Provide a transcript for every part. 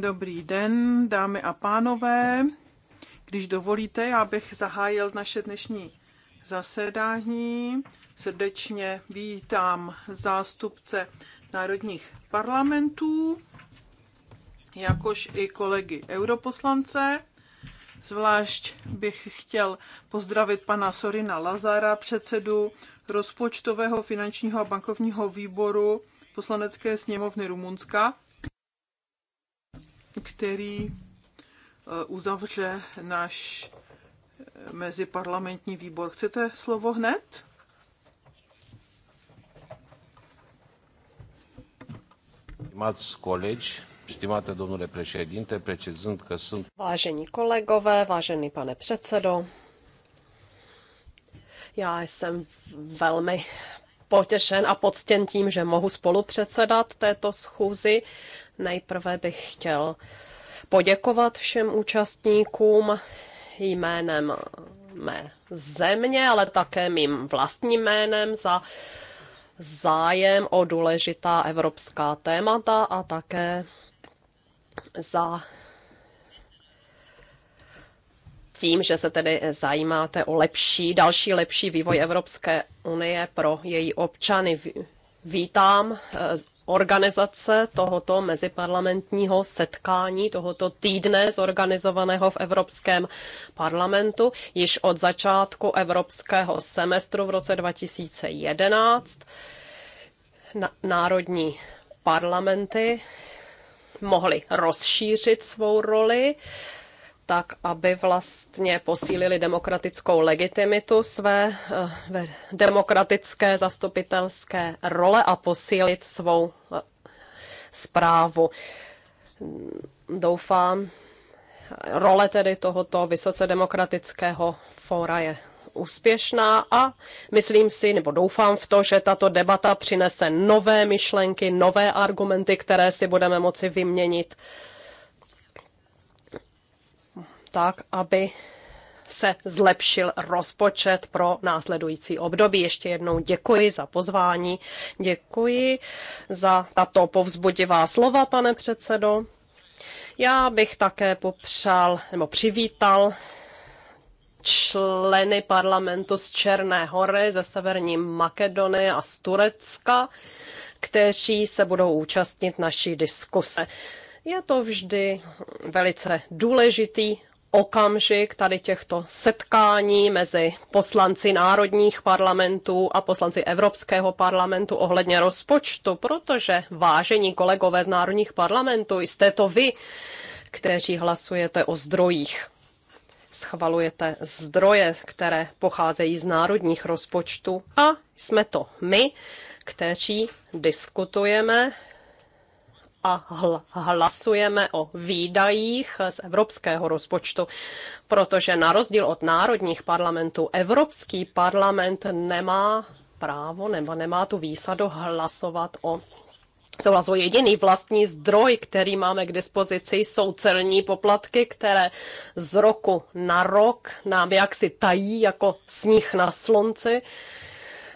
Dobrý den, dámy a pánové. Když dovolíte, já bych zahájil naše dnešní zasedání. Srdečně vítám zástupce národních parlamentů, jakož i kolegy europoslance. Zvlášť bych chtěl pozdravit pana Sorina Lazara, předsedu rozpočtového, finančního a bankovního výboru poslanecké sněmovny Rumunska, který eh, uzavře náš eh, meziparlamentní výbor. Chcete slovo hned? Stimați colegi, stimate domnule președinte, precizând că sunt... Vážení kolegové, vážený pane předsedo, já jsem velmi potěšen a poctěn tím, že mohu spolupředsedat této schůzi. Nejprve bych chtěl poděkovat všem účastníkům jménem mé země, ale také mým vlastním jménem za zájem o důležitá evropská témata a také za tím, že se tedy zajímáte o lepší, další lepší vývoj Evropské unie pro její občany. Vítám eh, organizace tohoto meziparlamentního setkání, tohoto týdne zorganizovaného v Evropském parlamentu již od začátku evropského semestru v roce 2011. Národní parlamenty mohly rozšířit svou roli tak aby vlastně posílili demokratickou legitimitu své eh, demokratické zastupitelské role a posílit svou zprávu. Eh, doufám, role tedy tohoto vysoce demokratického fóra je úspěšná a myslím si, nebo doufám v to, že tato debata přinese nové myšlenky, nové argumenty, které si budeme moci vyměnit tak, aby se zlepšil rozpočet pro následující období. Ještě jednou děkuji za pozvání, děkuji za tato povzbudivá slova, pane předsedo. Já bych také popřál nebo přivítal členy parlamentu z Černé hory, ze Severní Makedonie a z Turecka, kteří se budou účastnit naší diskuse. Je to vždy velice důležitý okamžik tady těchto setkání mezi poslanci národních parlamentů a poslanci Evropského parlamentu ohledně rozpočtu, protože vážení kolegové z národních parlamentů, jste to vy, kteří hlasujete o zdrojích. Schvalujete zdroje, které pocházejí z národních rozpočtů a jsme to my, kteří diskutujeme a hl- hlasujeme o výdajích z evropského rozpočtu, protože na rozdíl od národních parlamentů, Evropský parlament nemá právo nebo nemá tu výsadu hlasovat o souhlasu. Jediný vlastní zdroj, který máme k dispozici, jsou celní poplatky, které z roku na rok nám jaksi tají jako sníh na slunci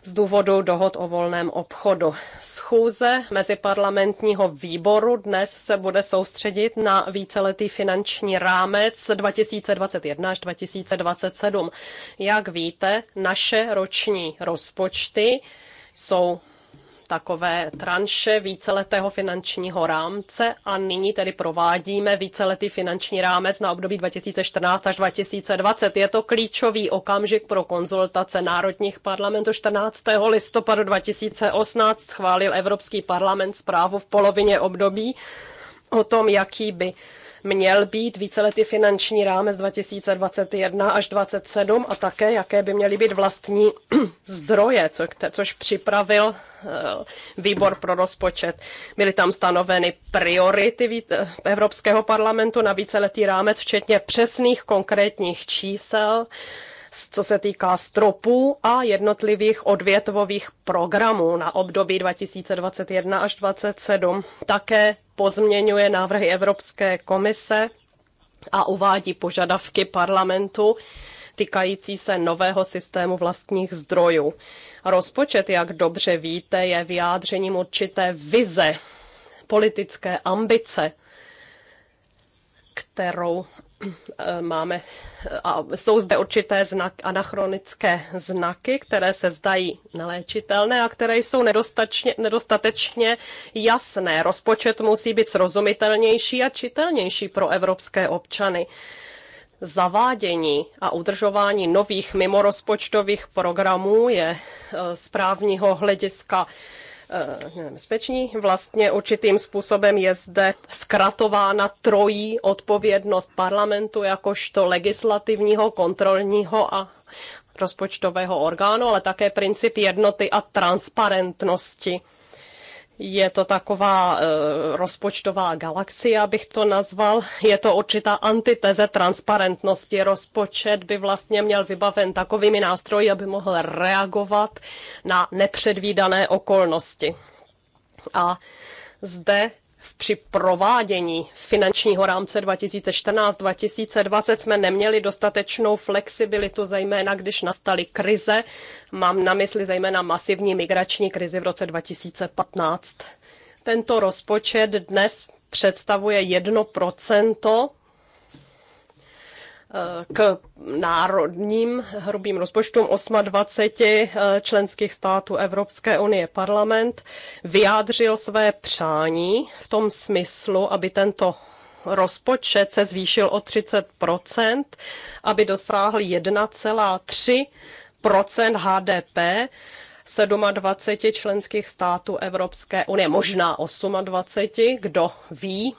z důvodu dohod o volném obchodu. Schůze meziparlamentního výboru dnes se bude soustředit na víceletý finanční rámec 2021 až 2027. Jak víte, naše roční rozpočty jsou takové tranše víceletého finančního rámce a nyní tedy provádíme víceletý finanční rámec na období 2014 až 2020. Je to klíčový okamžik pro konzultace národních parlamentů. 14. listopadu 2018 schválil Evropský parlament zprávu v polovině období o tom, jaký by měl být víceletý finanční rámec 2021 až 2027 a také jaké by měly být vlastní zdroje, což připravil eh, výbor pro rozpočet. Byly tam stanoveny priority eh, Evropského parlamentu na víceletý rámec, včetně přesných konkrétních čísel co se týká stropů a jednotlivých odvětvových programů na období 2021 až 2027. Také pozměňuje návrhy Evropské komise a uvádí požadavky parlamentu týkající se nového systému vlastních zdrojů. Rozpočet, jak dobře víte, je vyjádřením určité vize, politické ambice, kterou Eh, máme, a jsou zde určité znak, anachronické znaky, které se zdají neléčitelné a které jsou nedostatečně, nedostatečně jasné. Rozpočet musí být srozumitelnější a čitelnější pro evropské občany zavádění a udržování nových mimorozpočtových programů je eh, z právního hlediska Eh, bezpeční. Vlastně určitým způsobem je zde zkratována trojí odpovědnost parlamentu jakožto legislativního, kontrolního a rozpočtového orgánu, ale také princip jednoty a transparentnosti je to taková eh, rozpočtová galaxie, abych to nazval. Je to určitá antiteze transparentnosti. Rozpočet by vlastně měl vybaven takovými nástroji, aby mohl reagovat na nepředvídané okolnosti. A zde při provádění finančního rámce 2014-2020 jsme neměli dostatečnou flexibilitu, zejména když nastaly krize. Mám na mysli zejména masivní migrační krizi v roce 2015. Tento rozpočet dnes představuje 1 k národním hrubým rozpočtům 28 eh, členských států Evropské unie parlament vyjádřil své přání v tom smyslu, aby tento rozpočet se zvýšil o 30 aby dosáhl 1,3 HDP 27 členských států Evropské unie, možná 28, kdo ví,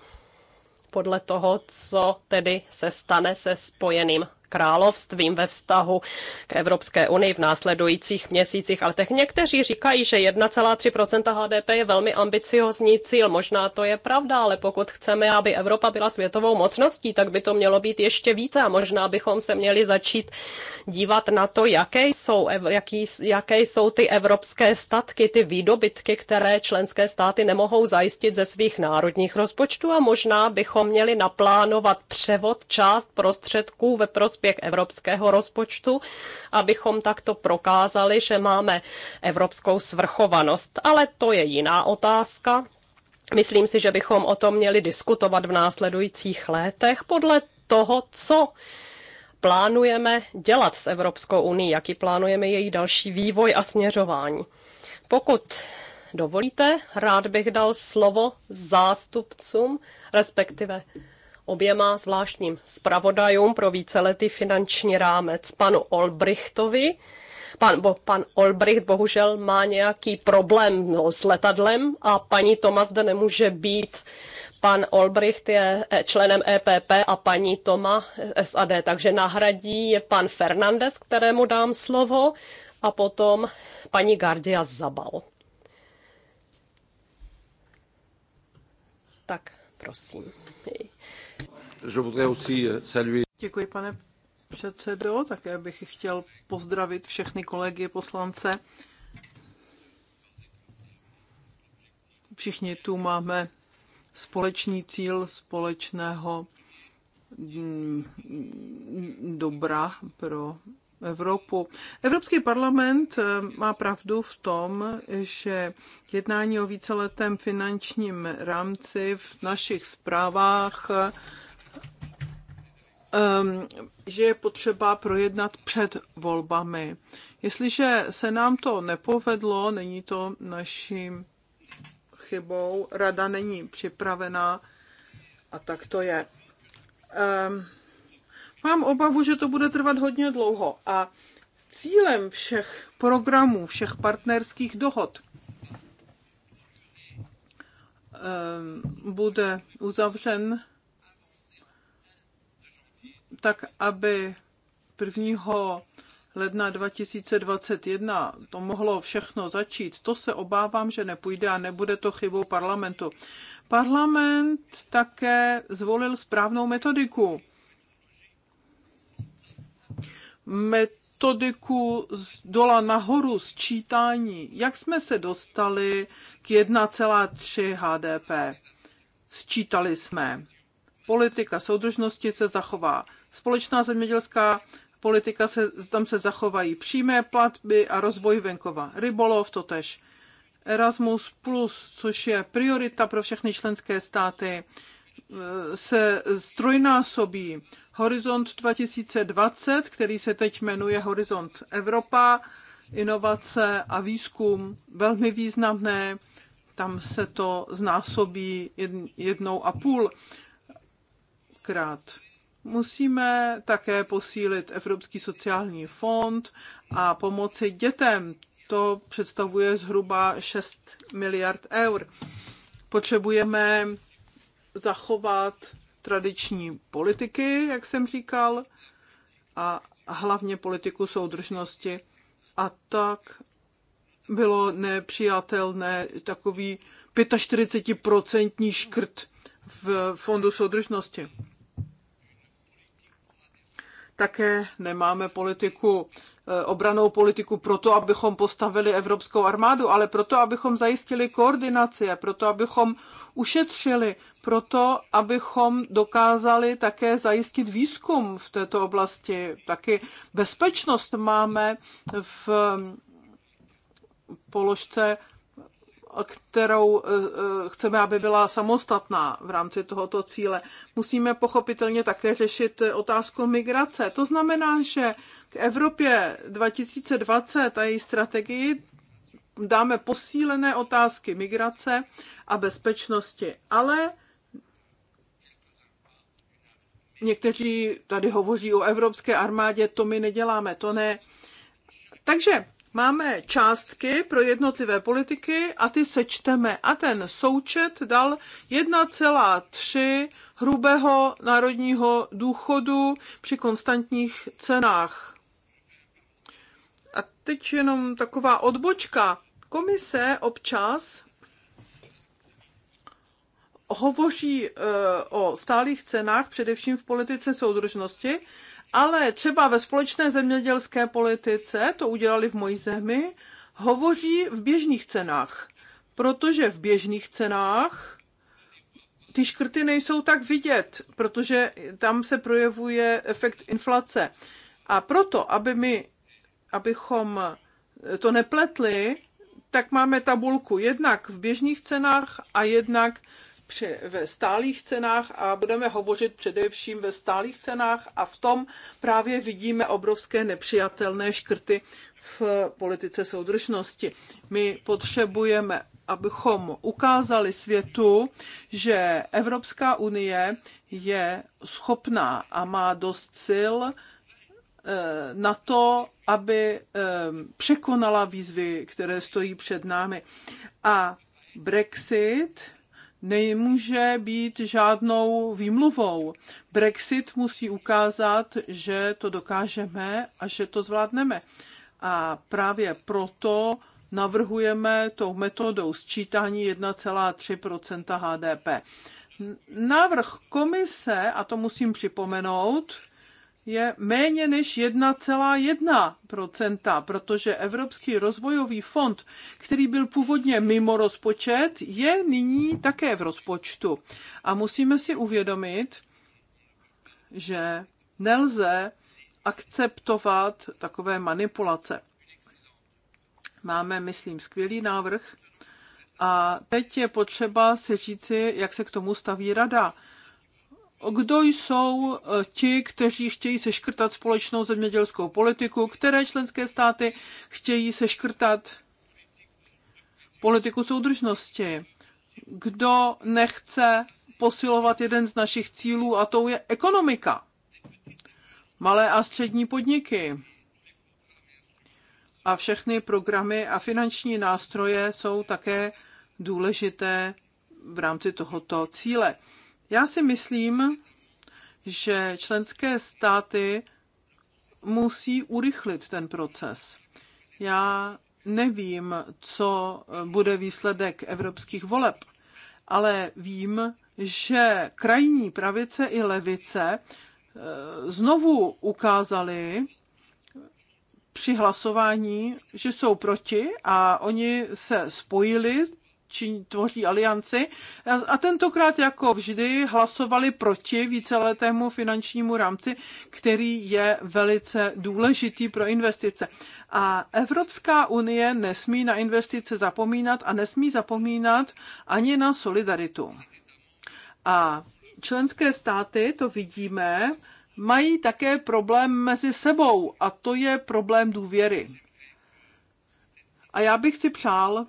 podle toho, co tedy se stane se spojeným královstvím ve vztahu k Evropské unii v následujících měsících. Ale teď někteří říkají, že 1,3 HDP je velmi ambiciozní cíl. Možná to je pravda, ale pokud chceme, aby Evropa byla světovou mocností, tak by to mělo být ještě více a možná bychom se měli začít dívat na to, jaké jsou, jaký, jaké jsou ty evropské statky, ty výdobytky, které členské státy nemohou zajistit ze svých národních rozpočtů a možná bychom měli naplánovat převod část prostředků ve prostředku prospěch evropského rozpočtu, abychom takto prokázali, že máme evropskou svrchovanost. Ale to je jiná otázka. Myslím si, že bychom o tom měli diskutovat v následujících letech podle toho, co plánujeme dělat s Evropskou unii, jaký plánujeme její další vývoj a směřování. Pokud dovolíte, rád bych dal slovo zástupcům, respektive oběma zvláštním zpravodajům pro víceletý finanční rámec, panu Olbrichtovi. Pan, bo, pan Olbricht bohužel má nějaký problém s letadlem a paní Toma zde nemůže být. Pan Olbricht je eh, členem EPP a paní Toma eh, SAD, takže nahradí je pan Fernandez, kterému dám slovo, a potom paní Gardia Zabal. Tak, prosím. Děkuji, pane předsedo. Také bych chtěl pozdravit všechny kolegy poslance. Všichni tu máme společný cíl společného mm, dobra pro Evropu. Evropský parlament eh, má pravdu v tom, že jednání o víceletém finančním rámci v našich zprávách Ehm, že je potřeba projednat před volbami. Jestliže se nám to nepovedlo, není to naším chybou, rada není připravená a tak to je. Ehm, mám obavu, že to bude trvat hodně dlouho a cílem všech programů, všech partnerských dohod ehm, bude uzavřen tak aby 1. ledna 2021 to mohlo všechno začít, to se obávám, že nepůjde a nebude to chybou parlamentu. Parlament také zvolil správnou metodiku. Metodiku z dola nahoru sčítání, jak jsme se dostali k 1,3 HDP. Sčítali jsme politika soudržnosti se zachová společná zemědělská politika, se, tam se zachovají přímé platby a rozvoj venkova. Rybolov totež. Erasmus+, plus, což je priorita pro všechny členské státy, e, se strojnásobí Horizont 2020, který se teď jmenuje Horizont Evropa, inovace a výzkum velmi významné, tam se to znásobí jednou a půl krát. Musíme také posílit Evropský sociální fond a pomoci dětem. To představuje zhruba 6 miliard eur. Potřebujeme zachovat tradiční politiky, jak jsem říkal, a hlavně politiku soudržnosti. A tak bylo nepřijatelné takový 45% škrt v fondu soudržnosti. Také nemáme politiku, eh, obranou politiku proto, abychom postavili evropskou armádu, ale proto, abychom zajistili koordinaci, proto, abychom ušetřili, proto, abychom dokázali také zajistit výzkum v této oblasti. Taky bezpečnost máme v eh, položce kterou eh, eh, chceme, aby byla samostatná v rámci tohoto cíle. Musíme pochopitelně také řešit eh, otázku migrace. To znamená, že k Evropě 2020 a její strategii dáme posílené otázky migrace a bezpečnosti. Ale někteří tady hovoří o evropské armádě, to my neděláme, to ne. Takže máme částky pro jednotlivé politiky a ty sečteme. A ten součet dal 1,3 hrubého národního důchodu při konstantních cenách. A teď jenom taková odbočka. Komise občas hovoří eh, o stálých cenách, především v politice soudržnosti, ale třeba ve společné zemědělské politice, to udělali v mojí zemi, hovoří v běžných cenách. Protože v běžných cenách ty škrty nejsou tak vidět, protože tam se projevuje efekt inflace. A proto, aby my, abychom to nepletli, tak máme tabulku jednak v běžných cenách a jednak při, ve stálých cenách a budeme hovořit především ve stálých cenách a v tom právě vidíme obrovské nepřijatelné škrty v politice soudržnosti. My potřebujeme, abychom ukázali světu, že Evropská unie je schopná a má dost sil eh, na to, aby eh, překonala výzvy, které stojí před námi. A Brexit nemůže být žádnou výmluvou. Brexit musí ukázat, že to dokážeme a že to zvládneme. A právě proto navrhujeme tou metodou sčítání 1,3 HDP. Návrh komise, a to musím připomenout, je méně než 1,1%, protože Evropský rozvojový fond, který byl původně mimo rozpočet, je nyní také v rozpočtu. A musíme si uvědomit, že nelze akceptovat takové manipulace. Máme, myslím, skvělý návrh a teď je potřeba si říci, jak se k tomu staví rada kdo jsou eh, ti, kteří chtějí seškrtat společnou zemědělskou politiku, které členské státy chtějí seškrtat politiku soudržnosti, kdo nechce posilovat jeden z našich cílů a to je ekonomika. Malé a střední podniky. A všechny programy a finanční nástroje jsou také důležité v rámci tohoto cíle. Já si myslím, že členské státy musí urychlit ten proces. Já nevím, co bude výsledek evropských voleb, ale vím, že krajní pravice i levice eh, znovu ukázali při hlasování, že jsou proti a oni se spojili čin, tvoří alianci. A tentokrát, jako vždy, hlasovali proti víceletému finančnímu rámci, který je velice důležitý pro investice. A Evropská unie nesmí na investice zapomínat a nesmí zapomínat ani na solidaritu. A členské státy, to vidíme, mají také problém mezi sebou a to je problém důvěry. A já bych si přál,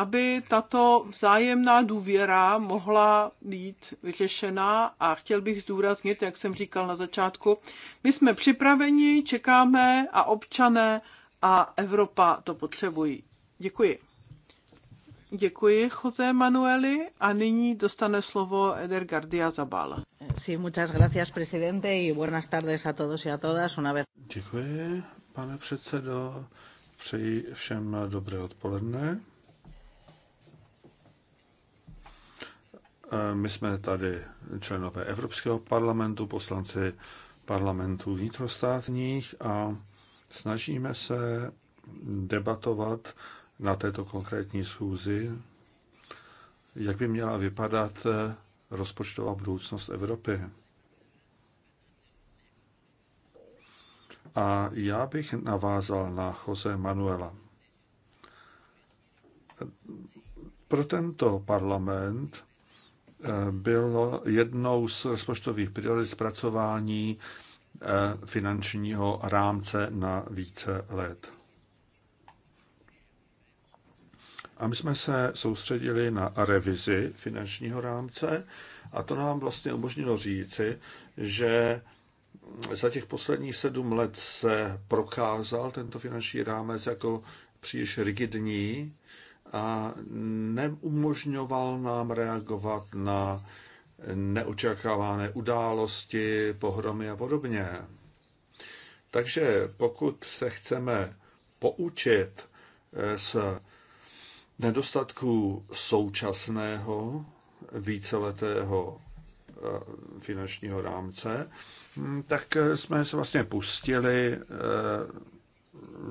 aby tato vzájemná důvěra mohla být vyřešená a chtěl bych zdůraznit, jak jsem říkal na začátku, my jsme připraveni, čekáme a občané a Evropa to potřebují. Děkuji. Děkuji, Jose Manueli. A nyní dostane slovo Eder Gardia Zabal. Sí, muchas gracias, presidente, y buenas tardes a todos y a todas. Una vez... Děkuji, pane předsedo. Přeji všem dobré odpoledne. Eh, my jsme tady členové Evropského parlamentu, poslanci parlamentů vnitrostátních a snažíme se debatovat na této konkrétní schůzi, jak by měla vypadat eh, rozpočtová budoucnost Evropy. A já bych navázal na Jose Manuela. Pro tento parlament bylo no jednou z rozpočtových priorit zpracování eh, finančního rámce na více let. A my jsme se soustředili na revizi finančního rámce a to nám vlastně umožnilo říci, že za těch posledních sedm let se prokázal tento finanční rámec jako příliš rigidní a neumožňoval nám reagovat na neočekávané události, pohromy a podobně. Takže pokud se chceme poučit eh, z nedostatků současného víceletého eh, finančního rámce, hm, tak eh, jsme se vlastně pustili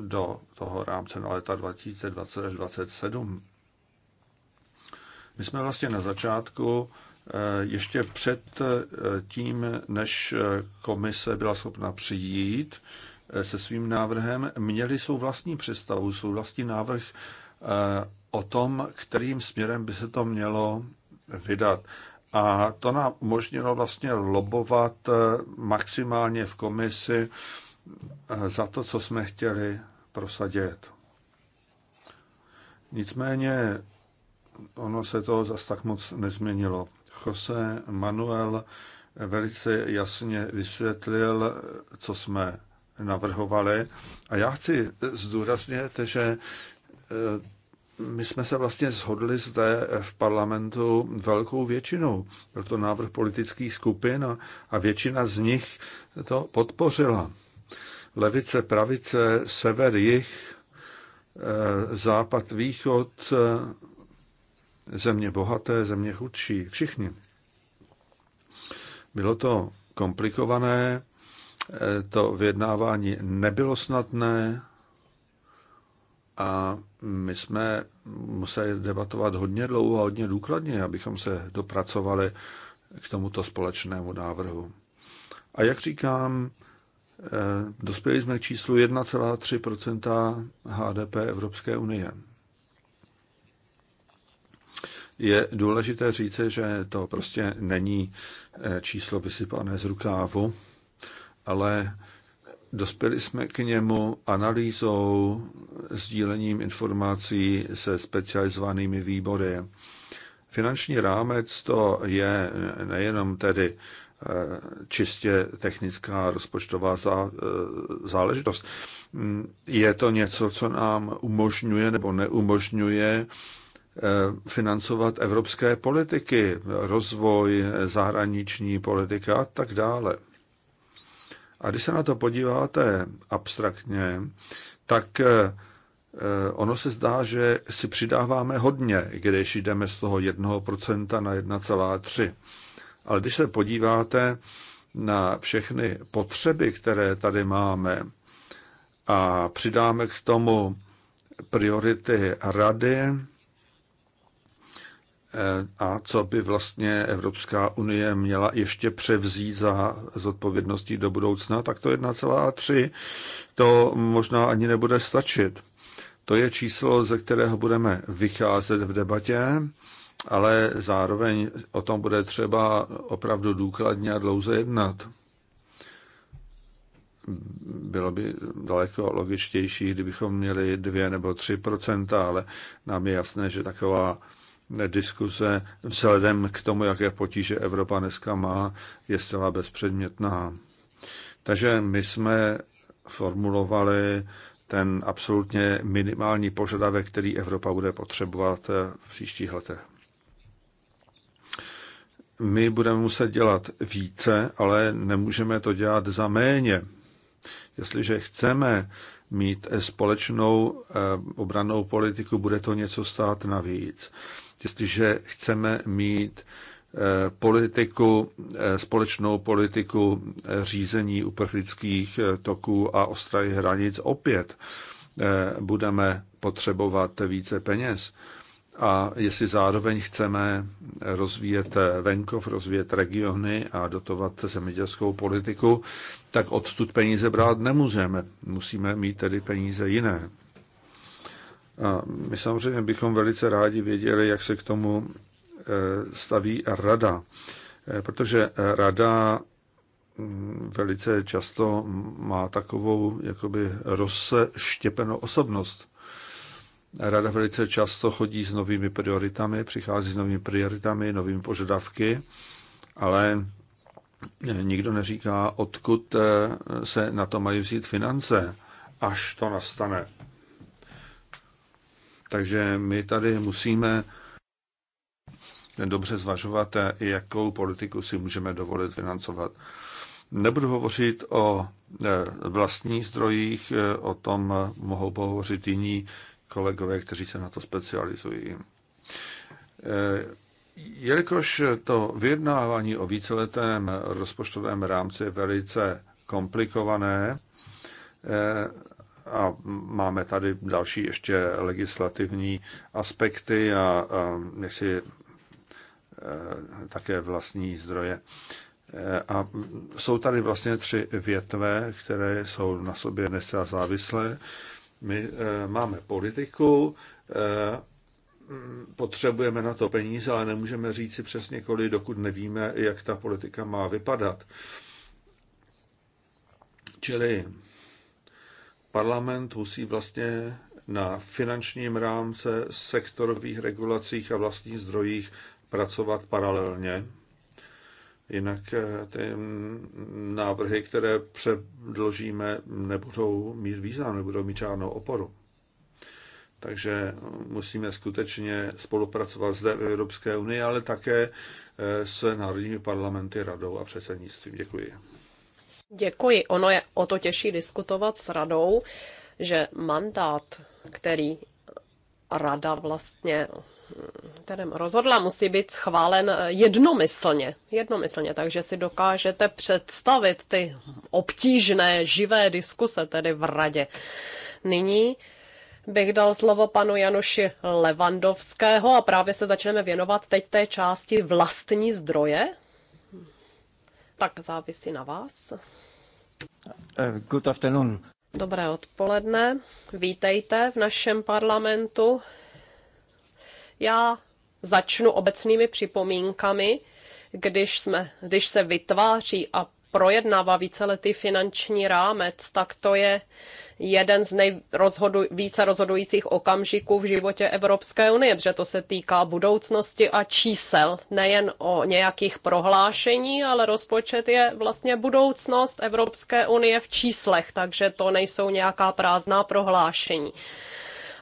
do toho rámce na léta 2020 až 2027. My jsme vlastně na začátku eh, ještě před eh, tím, než eh, komise byla schopna přijít se svým návrhem, měli svou vlastní představu, svou vlastní návrh o tom, kterým směrem by se to mělo vydat. A to nám umožnilo vlastně lobovat maximálně v komisi za to, co jsme chtěli prosadit. Nicméně ono se to zas tak moc nezměnilo. Jose Manuel velice jasně vysvětlil, co jsme navrhovali. A já chci zdůraznit, že eh, my jsme se vlastně shodli zde v parlamentu velkou většinou. Byl to návrh politických skupin a, a většina z nich to podpořila levice, pravice, sever, jih, eh, západ, východ, eh, země bohaté, země chudší, všichni. Bylo to komplikované, eh, to vyjednávání nebylo snadné a my jsme museli debatovat hodně dlouho a hodně důkladně, abychom se dopracovali k tomuto společnému návrhu. A jak říkám, Eh, dospěli jsme k číslu 1,3 HDP Evropské unie. Je důležité říci, že to prostě není eh, číslo vysypané z rukávu, ale dospěli jsme k němu analýzou, sdílením informací se specializovanými výbory. Finanční rámec to je nejenom tedy čistě technická rozpočtová eh, záležitost. Mm, je to něco, co nám umožňuje nebo neumožňuje eh, financovat evropské politiky, rozvoj, zahraniční politika a tak dále. A když se na to podíváte abstraktně, tak eh, ono se zdá, že si přidáváme hodně, když jdeme z toho 1% na ale když se podíváte na všechny potřeby, které tady máme, a přidáme k tomu priority rady eh, a co by vlastně Evropská unie měla ještě převzít za zodpovědností do budoucna, tak to 1,3 to možná ani nebude stačit. To je číslo, ze kterého budeme vycházet v debatě ale zároveň o tom bude třeba opravdu důkladně a dlouze jednat. Bylo by daleko logičtější, kdybychom měli 2 nebo 3 ale nám je jasné, že taková diskuse vzhledem k tomu, jaké potíže Evropa dneska má, je zcela bezpředmětná. Takže my jsme formulovali ten absolutně minimální požadavek, který Evropa bude potřebovat v příštích letech my budeme muset dělat více, ale nemůžeme to dělat za méně. Jestliže chceme mít společnou eh, obranou politiku, bude to něco stát navíc. Jestliže chceme mít eh, politiku, eh, společnou politiku řízení uprchlických toků a ostrahy hranic opět budeme potřebovat více peněz a jestli zároveň chceme rozvíjet venkov, rozvíjet regiony a dotovat zemědělskou politiku, tak odtud peníze brát nemůžeme. Musíme mít tedy peníze jiné. A my samozřejmě bychom velice rádi věděli, jak se k tomu eh, staví rada, eh, protože rada mm, velice často má takovou jakoby rozštěpenou osobnost. Rada velice často chodí s novými prioritami, přichází s novými prioritami, novými požadavky, ale eh, nikdo neříká, odkud eh, se na to mají vzít finance, až to nastane. Takže my tady musíme dobře zvažovat, eh, jakou politiku si můžeme dovolit financovat. Nebudu hovořit o vlastních zdrojích, o tom mohou pohovořit jiní kolegové, kteří se na to specializují. Eh, jelikož to vyjednávání o víceletém rozpočtovém rámci je velice komplikované eh, a máme tady další ještě legislativní aspekty a, a si eh, také vlastní zdroje. A jsou tady vlastně tři větve, které jsou na sobě nesá závislé. My eh, máme politiku, eh, potřebujeme na to peníze, ale nemůžeme říct si přesně kolik, dokud nevíme, jak ta politika má vypadat. Čili parlament musí vlastně na finančním rámce, sektorových regulacích a vlastních zdrojích pracovat paralelně. Jinak eh, ty návrhy, které předložíme, nebudou mít význam, nebudou mít žádnou oporu. Takže musíme skutečně spolupracovat zde v Evropské unii, ale také eh, s národními parlamenty, radou a předsednictvím. Děkuji. Děkuji. Ono je o to těžší diskutovat s radou, že mandát, který rada vlastně které rozhodla, musí být schválen jednomyslně. Jednomyslně, takže si dokážete představit ty obtížné živé diskuse tedy v radě. Nyní bych dal slovo panu Januši Levandovského a právě se začneme věnovat teď té části vlastní zdroje. Tak závisí na vás. Eh, good afternoon. Dobré odpoledne, vítejte v našem parlamentu. Já začnu obecnými připomínkami, když, jsme, když se vytváří a projednává víceletý finanční rámec, tak to je jeden z nejrozhodu, více rozhodujících okamžiků v životě Evropské unie, protože to se týká budoucnosti a čísel, nejen o nějakých prohlášení, ale rozpočet je vlastně budoucnost Evropské unie v číslech, takže to nejsou nějaká prázdná prohlášení.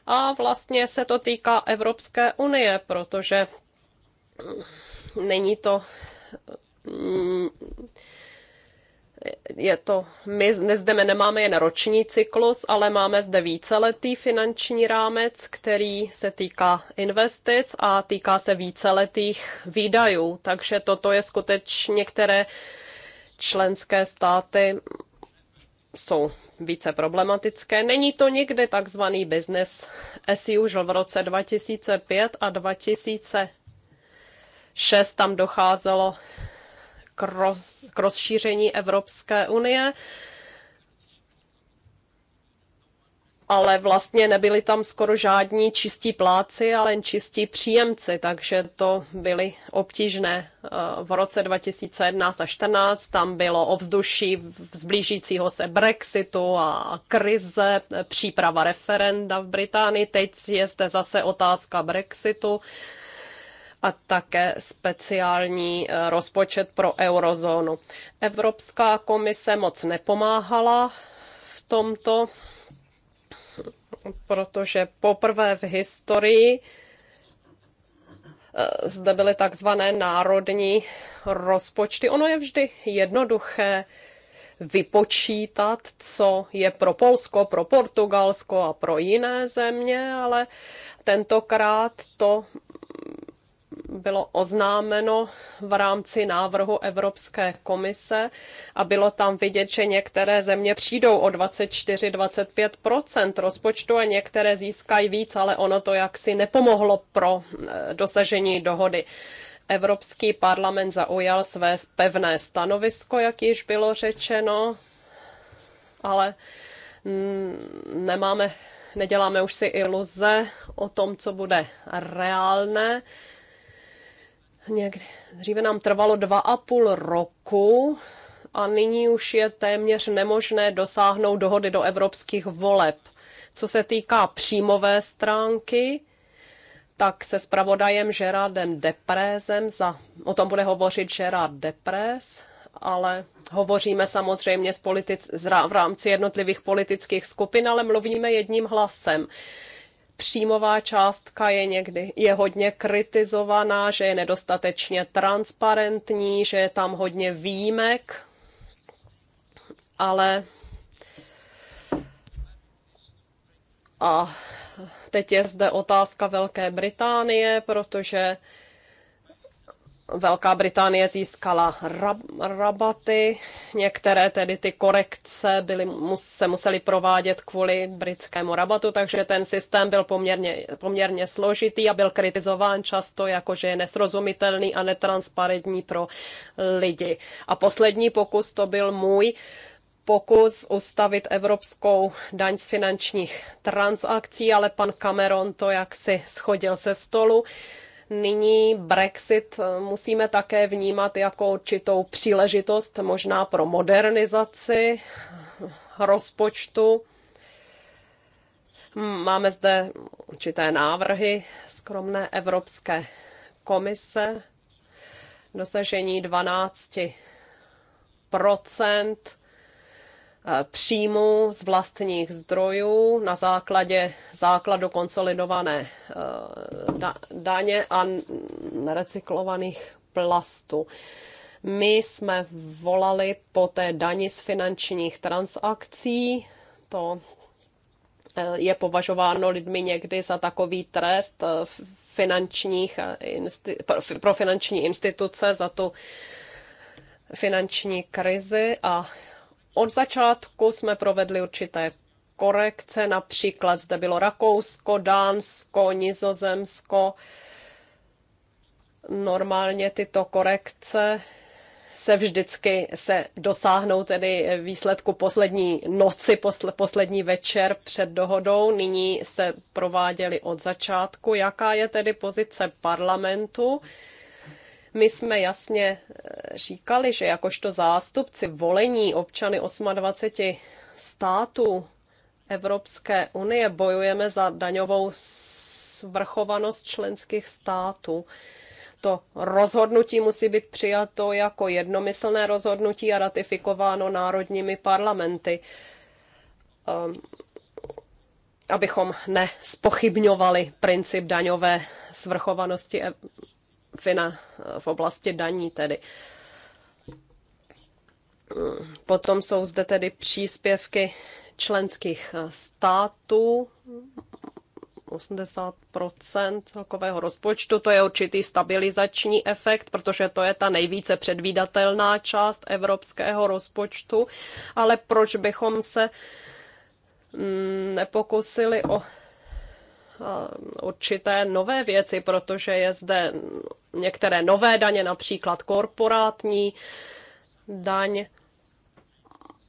A vlastně se to týká Evropské unie, protože mm, není to mm, je to, my zde nemáme jen roční cyklus, ale máme zde víceletý finanční rámec, který se týká investic a týká se víceletých výdajů. Takže toto je skutečně některé členské státy jsou více problematické. Není to někde takzvaný business as usual v roce 2005 a 2006 tam docházelo k rozšíření Evropské unie. ale vlastně nebyli tam skoro žádní čistí pláci, ale jen čistí příjemci, takže to byly obtížné. Eh, v roce 2011 a 14 tam bylo ovzduší zblížícího se Brexitu a krize, příprava referenda v Británii, teď je zde zase otázka Brexitu, a také speciální eh, rozpočet pro eurozónu. Evropská komise moc nepomáhala v tomto, protože poprvé v historii eh, zde byly takzvané národní rozpočty. Ono je vždy jednoduché vypočítat, co je pro Polsko, pro Portugalsko a pro jiné země, ale tentokrát to bylo oznámeno v rámci návrhu Evropské komise a bylo tam vidět, že některé země přijdou o 24-25 rozpočtu a některé získají víc, ale ono to jaksi nepomohlo pro eh, dosažení dohody. Evropský parlament zaujal své pevné stanovisko, jak již bylo řečeno, ale mm, nemáme, neděláme už si iluze o tom, co bude reálné. Někdy, dříve nám trvalo dva a půl roku a nyní už je téměř nemožné dosáhnout dohody do evropských voleb. Co se týká příjmové stránky, tak se zpravodajem Gerardem Deprézem, za, o tom bude hovořit Gerard Deprez, ale hovoříme samozřejmě z politic, z, v rámci jednotlivých politických skupin, ale mluvíme jedním hlasem příjmová částka je někdy je hodně kritizovaná, že je nedostatečně transparentní, že je tam hodně výjimek, ale a teď je zde otázka Velké Británie, protože Velká Británie získala rab, rabaty, některé tedy ty korekce byly, mus, se musely provádět kvůli britskému rabatu, takže ten systém byl poměrně, poměrně složitý a byl kritizován často jako, že je nesrozumitelný a netransparentní pro lidi. A poslední pokus to byl můj pokus ustavit evropskou daň z finančních transakcí, ale pan Cameron to jaksi schodil se stolu nyní Brexit eh, musíme také vnímat jako určitou příležitost možná pro modernizaci rozpočtu. Máme zde určité návrhy skromné Evropské komise, dosažení 12 procent Eh, příjmů z vlastních zdrojů na základě základu konsolidované eh, daně a recyklovaných plastů. My jsme volali po té dani z finančních transakcí, to eh, je považováno lidmi někdy za takový trest finančních, pro finanční instituce za tu finanční krizi a od začátku jsme provedli určité korekce, například zde bylo Rakousko, Dánsko, Nizozemsko. Normálně tyto korekce se vždycky se dosáhnou tedy výsledku poslední noci, posle, poslední večer před dohodou. Nyní se prováděly od začátku. Jaká je tedy pozice parlamentu? My jsme jasně eh, říkali, že jakožto zástupci volení občany 28 států Evropské unie bojujeme za daňovou svrchovanost členských států to rozhodnutí musí být přijato jako jednomyslné rozhodnutí a ratifikováno národními parlamenty, ehm, abychom nespochybňovali princip daňové svrchovanosti Eh, v oblasti daní tedy. Potom jsou zde tedy příspěvky členských eh, států, 80 celkového rozpočtu. To je určitý stabilizační efekt, protože to je ta nejvíce předvídatelná část evropského rozpočtu. Ale proč bychom se mm, nepokusili o Eh, určité nové věci, protože je zde některé nové daně, například korporátní daň,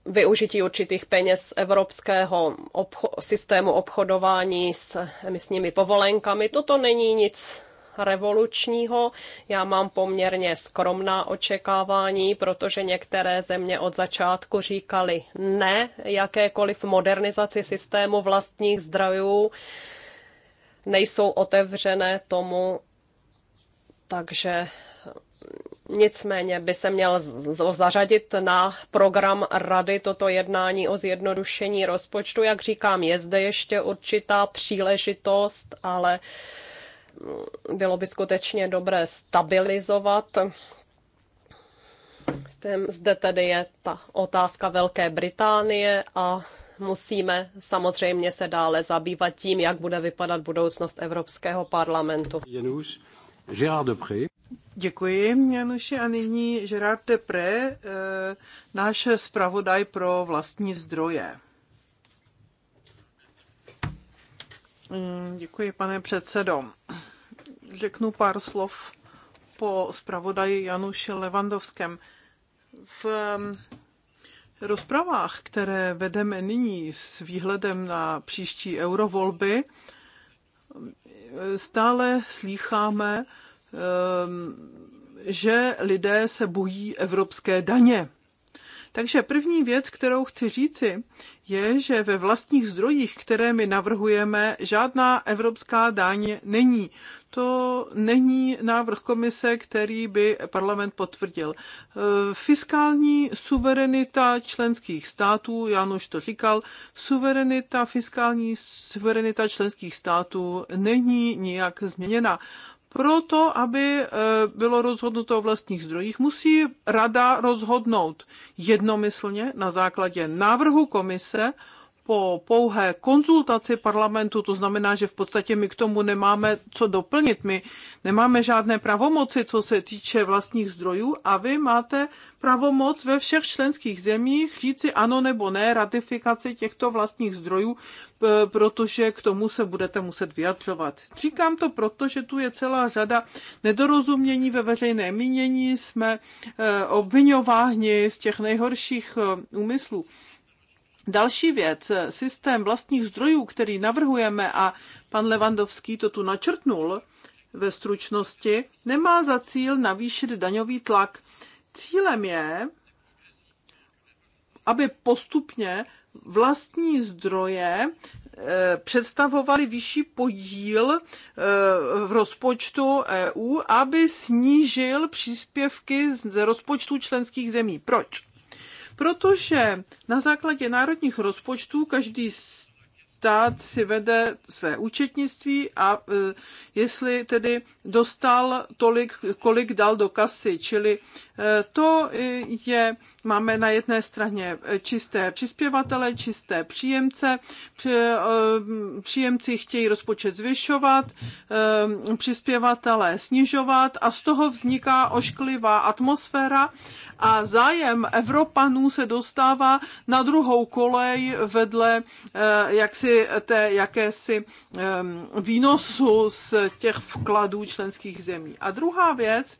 využití určitých peněz z evropského obcho- systému obchodování s emisními povolenkami. Toto není nic revolučního. Já mám poměrně skromná očekávání, protože některé země od začátku říkaly ne jakékoliv modernizaci systému vlastních zdrojů nejsou otevřené tomu, takže Nicméně by se měl zařadit na program rady toto jednání o zjednodušení rozpočtu. Jak říkám, je zde ještě určitá příležitost, ale mm, bylo by skutečně dobré stabilizovat. Zde tedy je ta otázka Velké Británie a musíme samozřejmě se dále zabývat tím, jak bude vypadat budoucnost Evropského parlamentu. Januš, Gérard Depré. Děkuji, Januši. A nyní Gerard Depré, eh, náš zpravodaj pro vlastní zdroje. Mm, děkuji, pane předsedo. Řeknu pár slov po zpravodaji Januši Levandovském. V rozpravách, které vedeme nyní s výhledem na příští eurovolby, stále slýcháme, ehm, že lidé se bojí evropské daně. Takže první věc, kterou chci říci, je, že ve vlastních zdrojích, které my navrhujeme, žádná evropská daň není to není návrh komise, který by parlament potvrdil. E, fiskální suverenita členských států, Jan už to říkal, suverenita, fiskální suverenita členských států není nijak změněna. Proto, aby e, bylo rozhodnuto o vlastních zdrojích, musí rada rozhodnout jednomyslně na základě návrhu komise po pouhé konzultaci parlamentu, to znamená, že v podstatě my k tomu nemáme co doplnit, my nemáme žádné pravomoci, co se týče vlastních zdrojů a vy máte pravomoc ve všech členských zemích říci ano nebo ne ratifikaci těchto vlastních zdrojů, protože k tomu se budete muset vyjadřovat. Říkám to proto, že tu je celá řada nedorozumění ve veřejné mínění, jsme eh, obvinováni z těch nejhorších eh, úmyslů. Další věc, systém vlastních zdrojů, který navrhujeme a pan Levandovský to tu načrtnul ve stručnosti, nemá za cíl navýšit daňový tlak. Cílem je, aby postupně vlastní zdroje eh, představovaly vyšší podíl eh, v rozpočtu EU, aby snížil příspěvky z rozpočtu členských zemí. Proč? protože na základě národních rozpočtů každý stát si vede své účetnictví a e, jestli tedy dostal tolik, kolik dal do kasy. Čili eh, to je, máme na jedné straně eh, čisté přispěvatele, čisté příjemce. Eh, příjemci chtějí rozpočet zvyšovat, přispěvatele snižovat a z toho vzniká ošklivá atmosféra a zájem Evropanů se dostává na druhou kolej vedle jaksi té jakési výnosu z těch vkladů členských zemí. A druhá věc,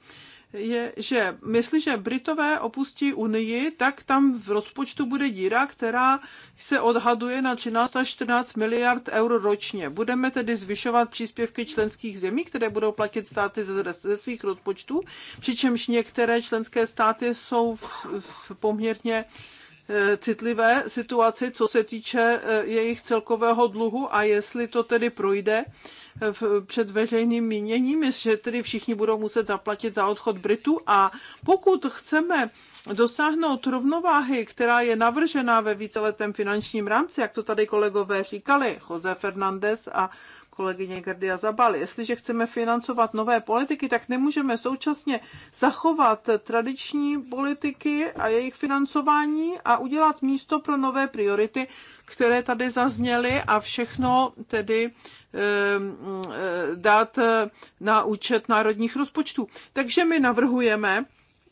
je, že jestliže Britové opustí Unii, tak tam v rozpočtu bude díra, která se odhaduje na 13 až 14 miliard euro ročně. Budeme tedy zvyšovat příspěvky členských zemí, které budou platit státy ze, ze svých rozpočtů, přičemž některé členské státy jsou v, v poměrně uh, Eh, citlivé situaci, co se týče eh, jejich celkového dluhu a jestli to tedy projde eh, v, před veřejným míněním, že tedy všichni budou muset zaplatit za odchod Britů a pokud chceme dosáhnout rovnováhy, která je navržená ve víceletém finančním rámci, jak to tady kolegové říkali, Jose Fernandez a kolegyně Gardia Zabal. Jestliže chceme financovat nové politiky, tak nemůžeme současně zachovat tradiční politiky a jejich financování a udělat místo pro nové priority, které tady zazněly a všechno tedy ehm, eh, dát eh, na účet národních rozpočtů. Takže my navrhujeme,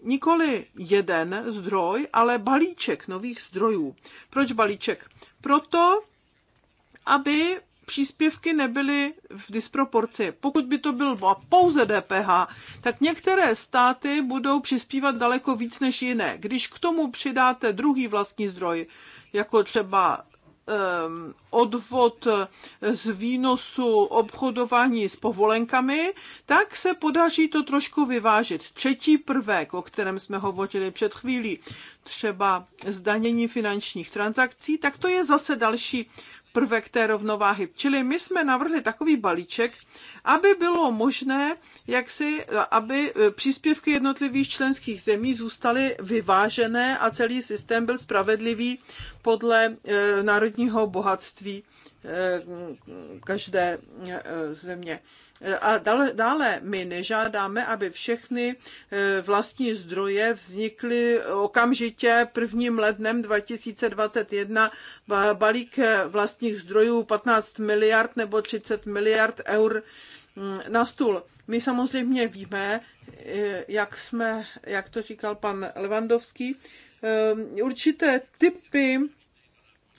nikoli jeden zdroj, ale balíček nových zdrojů. Proč balíček? Proto, aby příspěvky nebyly v disproporci. Pokud by to byl pouze DPH, tak některé státy budou přispívat daleko víc než jiné. Když k tomu přidáte druhý vlastní zdroj, jako třeba ehm, odvod eh, z výnosu obchodování s povolenkami, tak se podaří to trošku vyvážit. Třetí prvek, o kterém jsme hovořili před chvílí, třeba zdanění finančních transakcí, tak to je zase další prvek té rovnováhy. Čili my jsme navrhli takový balíček, aby bylo možné, jak si, aby e, příspěvky jednotlivých členských zemí zůstaly vyvážené a celý systém byl spravedlivý podle e, národního bohatství Eh, každé eh, země. A dále, dále my nežádáme, aby všechny eh, vlastní zdroje vznikly okamžitě prvním lednem 2021 balík vlastních zdrojů 15 miliard nebo 30 miliard eur mm, na stůl. My samozřejmě víme, jak jsme, jak to říkal pan Levandovský, určité typy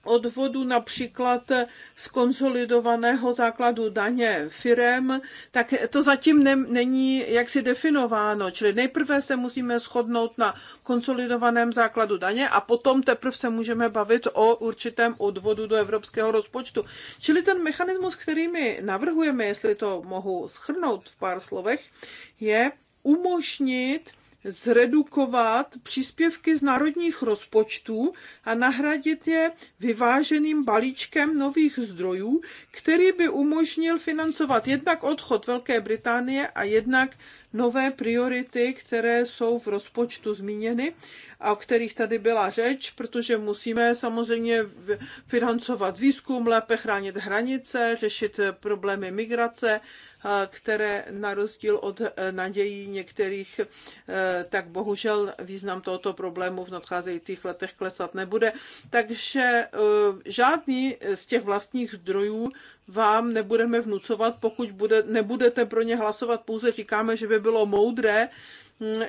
odvodu například z konsolidovaného základu daně firem, tak to zatím ne, není jaksi definováno. Čili nejprve se musíme shodnout na konsolidovaném základu daně a potom teprve se můžeme bavit o určitém odvodu do evropského rozpočtu. Čili ten mechanismus, který my navrhujeme, jestli to mohu schrnout v pár slovech, je umožnit zredukovat příspěvky z národních rozpočtů a nahradit je vyváženým balíčkem nových zdrojů, který by umožnil financovat jednak odchod Velké Británie a jednak nové priority, které jsou v rozpočtu zmíněny a o kterých tady byla řeč, protože musíme samozřejmě financovat výzkum, lépe chránit hranice, řešit problémy migrace které na rozdíl od e, nadějí některých, e, tak bohužel význam tohoto problému v nadcházejících letech klesat nebude. Takže e, žádný z těch vlastních zdrojů vám nebudeme vnucovat, pokud bude, nebudete pro ně hlasovat, pouze říkáme, že by bylo moudré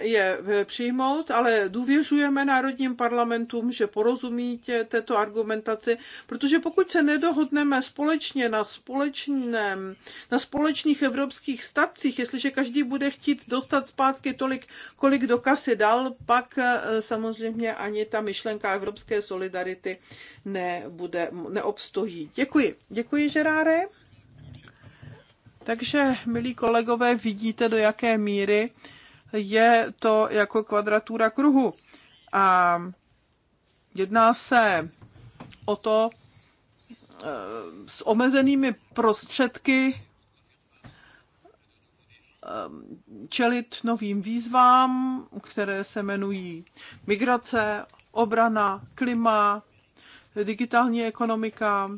je eh, přijmout, ale důvěřujeme národním parlamentům, že porozumí tě, této argumentaci, protože pokud se nedohodneme společně na, společném, na společných evropských stacích, jestliže každý bude chtít dostat zpátky tolik, kolik do kasy dal, pak eh, samozřejmě ani ta myšlenka evropské solidarity nebude, neobstojí. Děkuji. Děkuji, Žeráre. Takže, milí kolegové, vidíte, do jaké míry je to jako kvadratura kruhu. A jedná se o to eh, s omezenými prostředky eh, čelit novým výzvám, které se jmenují migrace, obrana, klima, digitální ekonomika.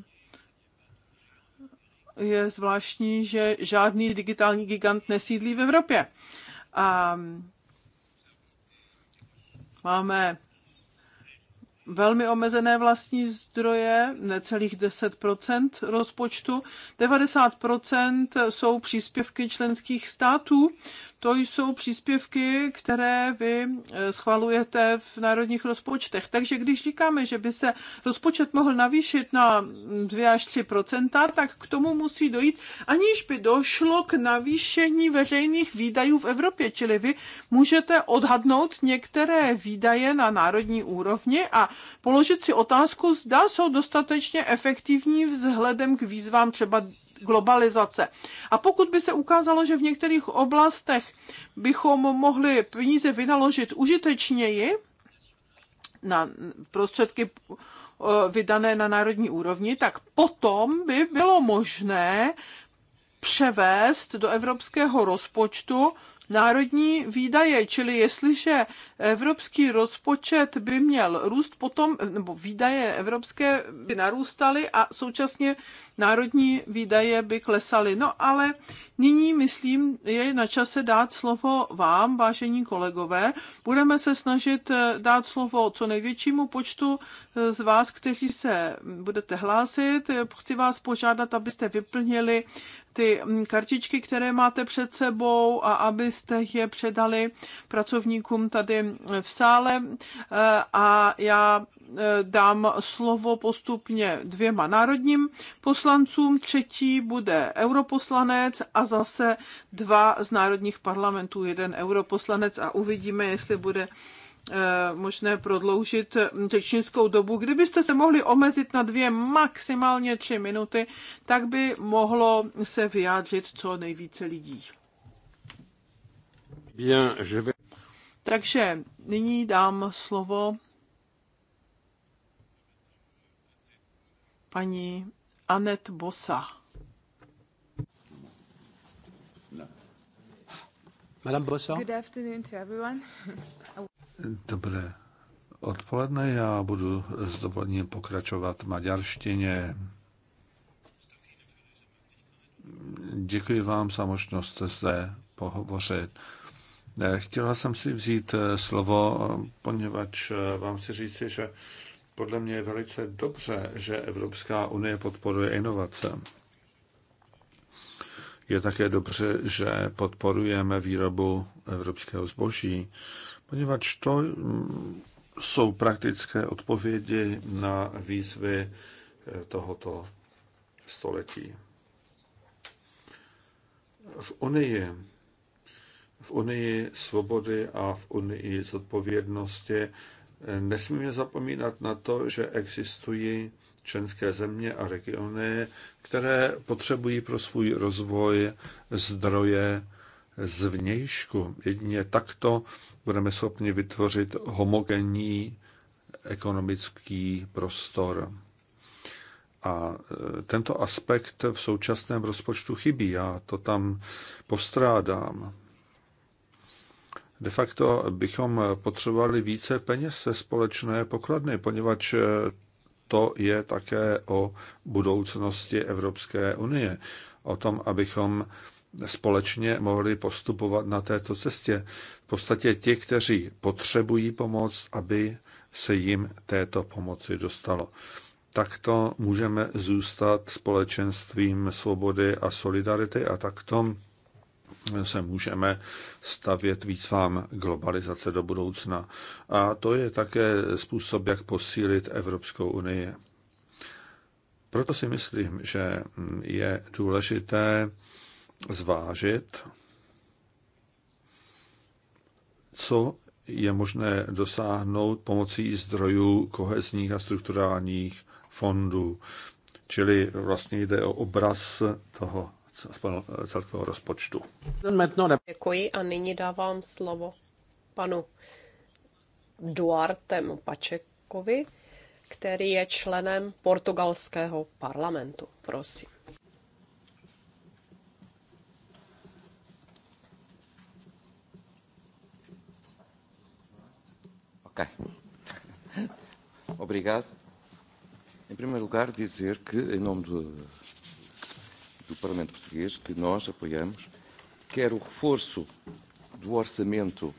Je zvláštní, že žádný digitální gigant nesídlí v Evropě. A ehm, máme velmi omezené vlastní zdroje, necelých 10 rozpočtu. 90 jsou příspěvky členských států, to jsou příspěvky, které vy eh, schvalujete v národních rozpočtech. Takže když říkáme, že by se rozpočet mohl navýšit na 2 až 3 tak k tomu musí dojít, aniž by došlo k navýšení veřejných výdajů v Evropě. Čili vy můžete odhadnout některé výdaje na národní úrovni a položit si otázku, zda jsou dostatečně efektivní vzhledem k výzvám třeba globalizace. A pokud by se ukázalo, že v některých oblastech bychom mohli peníze vynaložit užitečněji na prostředky eh, vydané na národní úrovni, tak potom by bylo možné převést do evropského rozpočtu národní výdaje, čili jestliže evropský rozpočet by měl růst potom, nebo výdaje evropské by narůstaly a současně národní výdaje by klesaly. No ale nyní, myslím, je na čase dát slovo vám, vážení kolegové. Budeme se snažit eh, dát slovo co největšímu počtu eh, z vás, kteří se budete hlásit. Chci vás požádat, abyste vyplnili ty mm, kartičky, které máte před sebou a abyste je předali pracovníkům tady mm, v sále e, a já e, dám slovo postupně dvěma národním poslancům, třetí bude europoslanec a zase dva z národních parlamentů, jeden europoslanec a uvidíme, jestli bude Eh, možné prodloužit hm, řečnickou dobu. Kdybyste se mohli omezit na dvě, maximálně tři minuty, tak by mohlo se vyjádřit co nejvíce lidí. Bien, je vais... Takže nyní dám slovo paní Anet Bosa. Madame Bosa. Good afternoon to everyone. Dobré odpoledne, já budu s dovolením pokračovat maďarštině. Děkuji vám za možnost zde pohovořit. Chtěla jsem si vzít eh, slovo, poněvadž vám eh, si říci, že podle mě je velice dobře, že Evropská unie podporuje inovace. Je také dobře, že podporujeme výrobu evropského zboží poněvadž to mm, jsou praktické odpovědi na výzvy eh, tohoto století. V Unii, v Unii svobody a v Unii zodpovědnosti eh, nesmíme zapomínat na to, že existují členské země a regiony, které potřebují pro svůj rozvoj zdroje zvnějšku. Jedině takto budeme schopni vytvořit homogenní ekonomický prostor. A e, tento aspekt v současném rozpočtu chybí. Já to tam postrádám. De facto bychom potřebovali více peněz ze společné pokladny, poněvadž e, to je také o budoucnosti Evropské unie. O tom, abychom společně mohli postupovat na této cestě. V podstatě ti, kteří potřebují pomoc, aby se jim této pomoci dostalo. Takto můžeme zůstat společenstvím svobody a solidarity a takto se můžeme stavět výzvám globalizace do budoucna. A to je také způsob, jak posílit Evropskou unii. Proto si myslím, že je důležité zvážit, co je možné dosáhnout pomocí zdrojů kohezních a strukturálních fondů. Čili vlastně jde o obraz toho celkového rozpočtu. Děkuji a nyní dávám slovo panu Duartemu Pačekovi, který je členem portugalského parlamentu. Prosím. Okay. Obrigado. Em primeiro lugar, dizer que, em nome do, do Parlamento Português, que nós apoiamos quer o reforço do orçamento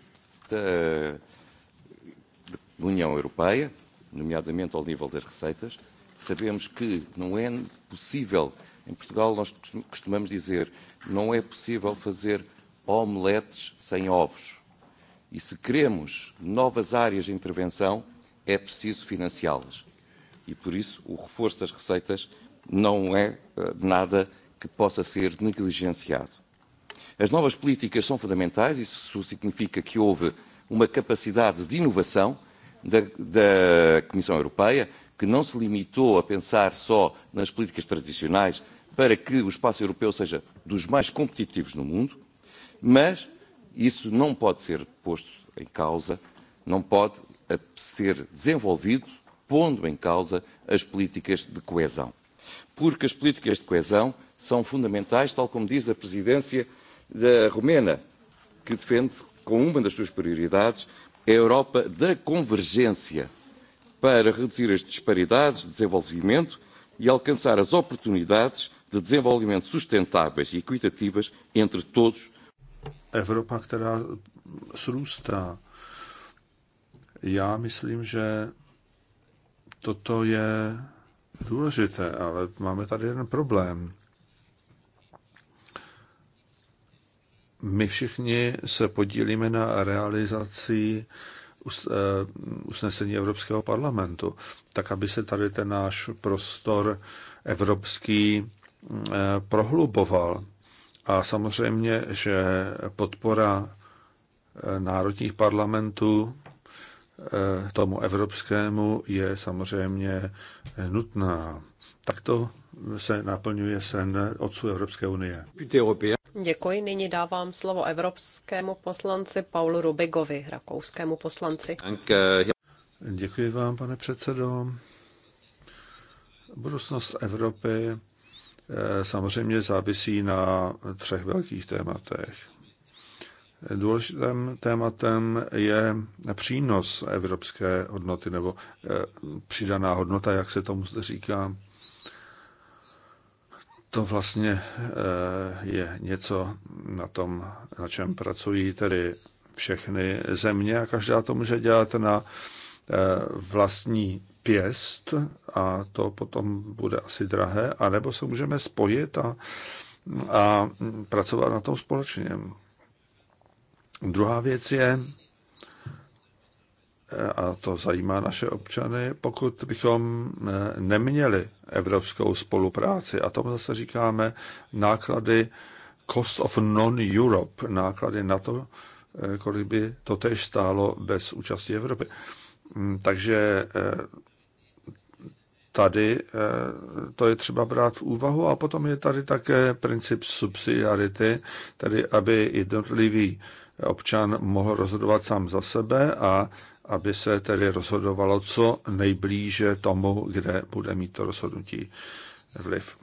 da, da União Europeia, nomeadamente ao nível das receitas. Sabemos que não é possível, em Portugal nós costumamos dizer, não é possível fazer omeletes sem ovos. E se queremos novas áreas de intervenção, é preciso financiá-las. E por isso o reforço das receitas não é eh, nada que possa ser negligenciado. As novas políticas são fundamentais, isso significa que houve uma capacidade de inovação da, da Comissão Europeia, que não se limitou a pensar só nas políticas tradicionais para que o espaço europeu seja dos mais competitivos no mundo, mas Isso não pode ser posto em causa, não pode eh, ser desenvolvido pondo em causa as políticas de coesão. Porque as políticas de coesão são fundamentais, tal como diz a presidência da Romena, que defende com uma das suas prioridades a Europa da convergência para reduzir as disparidades de desenvolvimento e alcançar as oportunidades de desenvolvimento sustentáveis e equitativas entre todos os Evropa, která srůstá. Já myslím, že toto je důležité, ale máme tady jeden problém. My všichni se podílíme na realizaci eh, usnesení Evropského parlamentu, tak aby se tady ten náš prostor evropský eh, prohluboval. A samozřejmě, že podpora eh, národních parlamentů eh, tomu evropskému je samozřejmě nutná. Takto se naplňuje sen otců Evropské unie. Děkuji. Nyní dávám slovo evropskému poslanci Paulu Rubigovi, rakouskému poslanci. Děkuji vám, pane předsedo. Budoucnost Evropy Eh, samozřejmě závisí na třech velkých tématech. Důležitým tématem je přínos evropské hodnoty nebo eh, přidaná hodnota, jak se tomu říká. To vlastně eh, je něco, na, tom, na čem pracují tedy všechny země a každá to může dělat na vlastní pěst a to potom bude asi drahé, anebo se můžeme spojit a, a pracovat na tom společně. Druhá věc je, a to zajímá naše občany, pokud bychom e, neměli evropskou spolupráci, a tomu zase říkáme náklady cost of non-Europe, náklady na to, e, kolik by to tež stálo bez účasti Evropy. Mm, takže e, tady eh, to je třeba brát v úvahu a potom je tady také princip subsidiarity, tedy aby jednotlivý občan mohl rozhodovat sám za sebe a aby se tedy rozhodovalo co nejblíže tomu, kde bude mít to rozhodnutí vliv.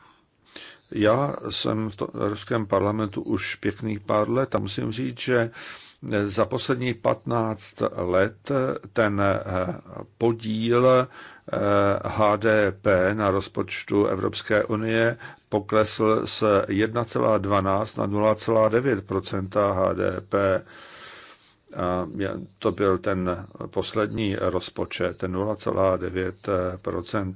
Já jsem v Evropském parlamentu už pěkných pár let a musím říct, že za posledních 15 let ten eh, podíl HDP eh, na rozpočtu Evropské unie poklesl z 1,12 na 0,9 HDP. A to byl ten poslední rozpočet, ten 0,9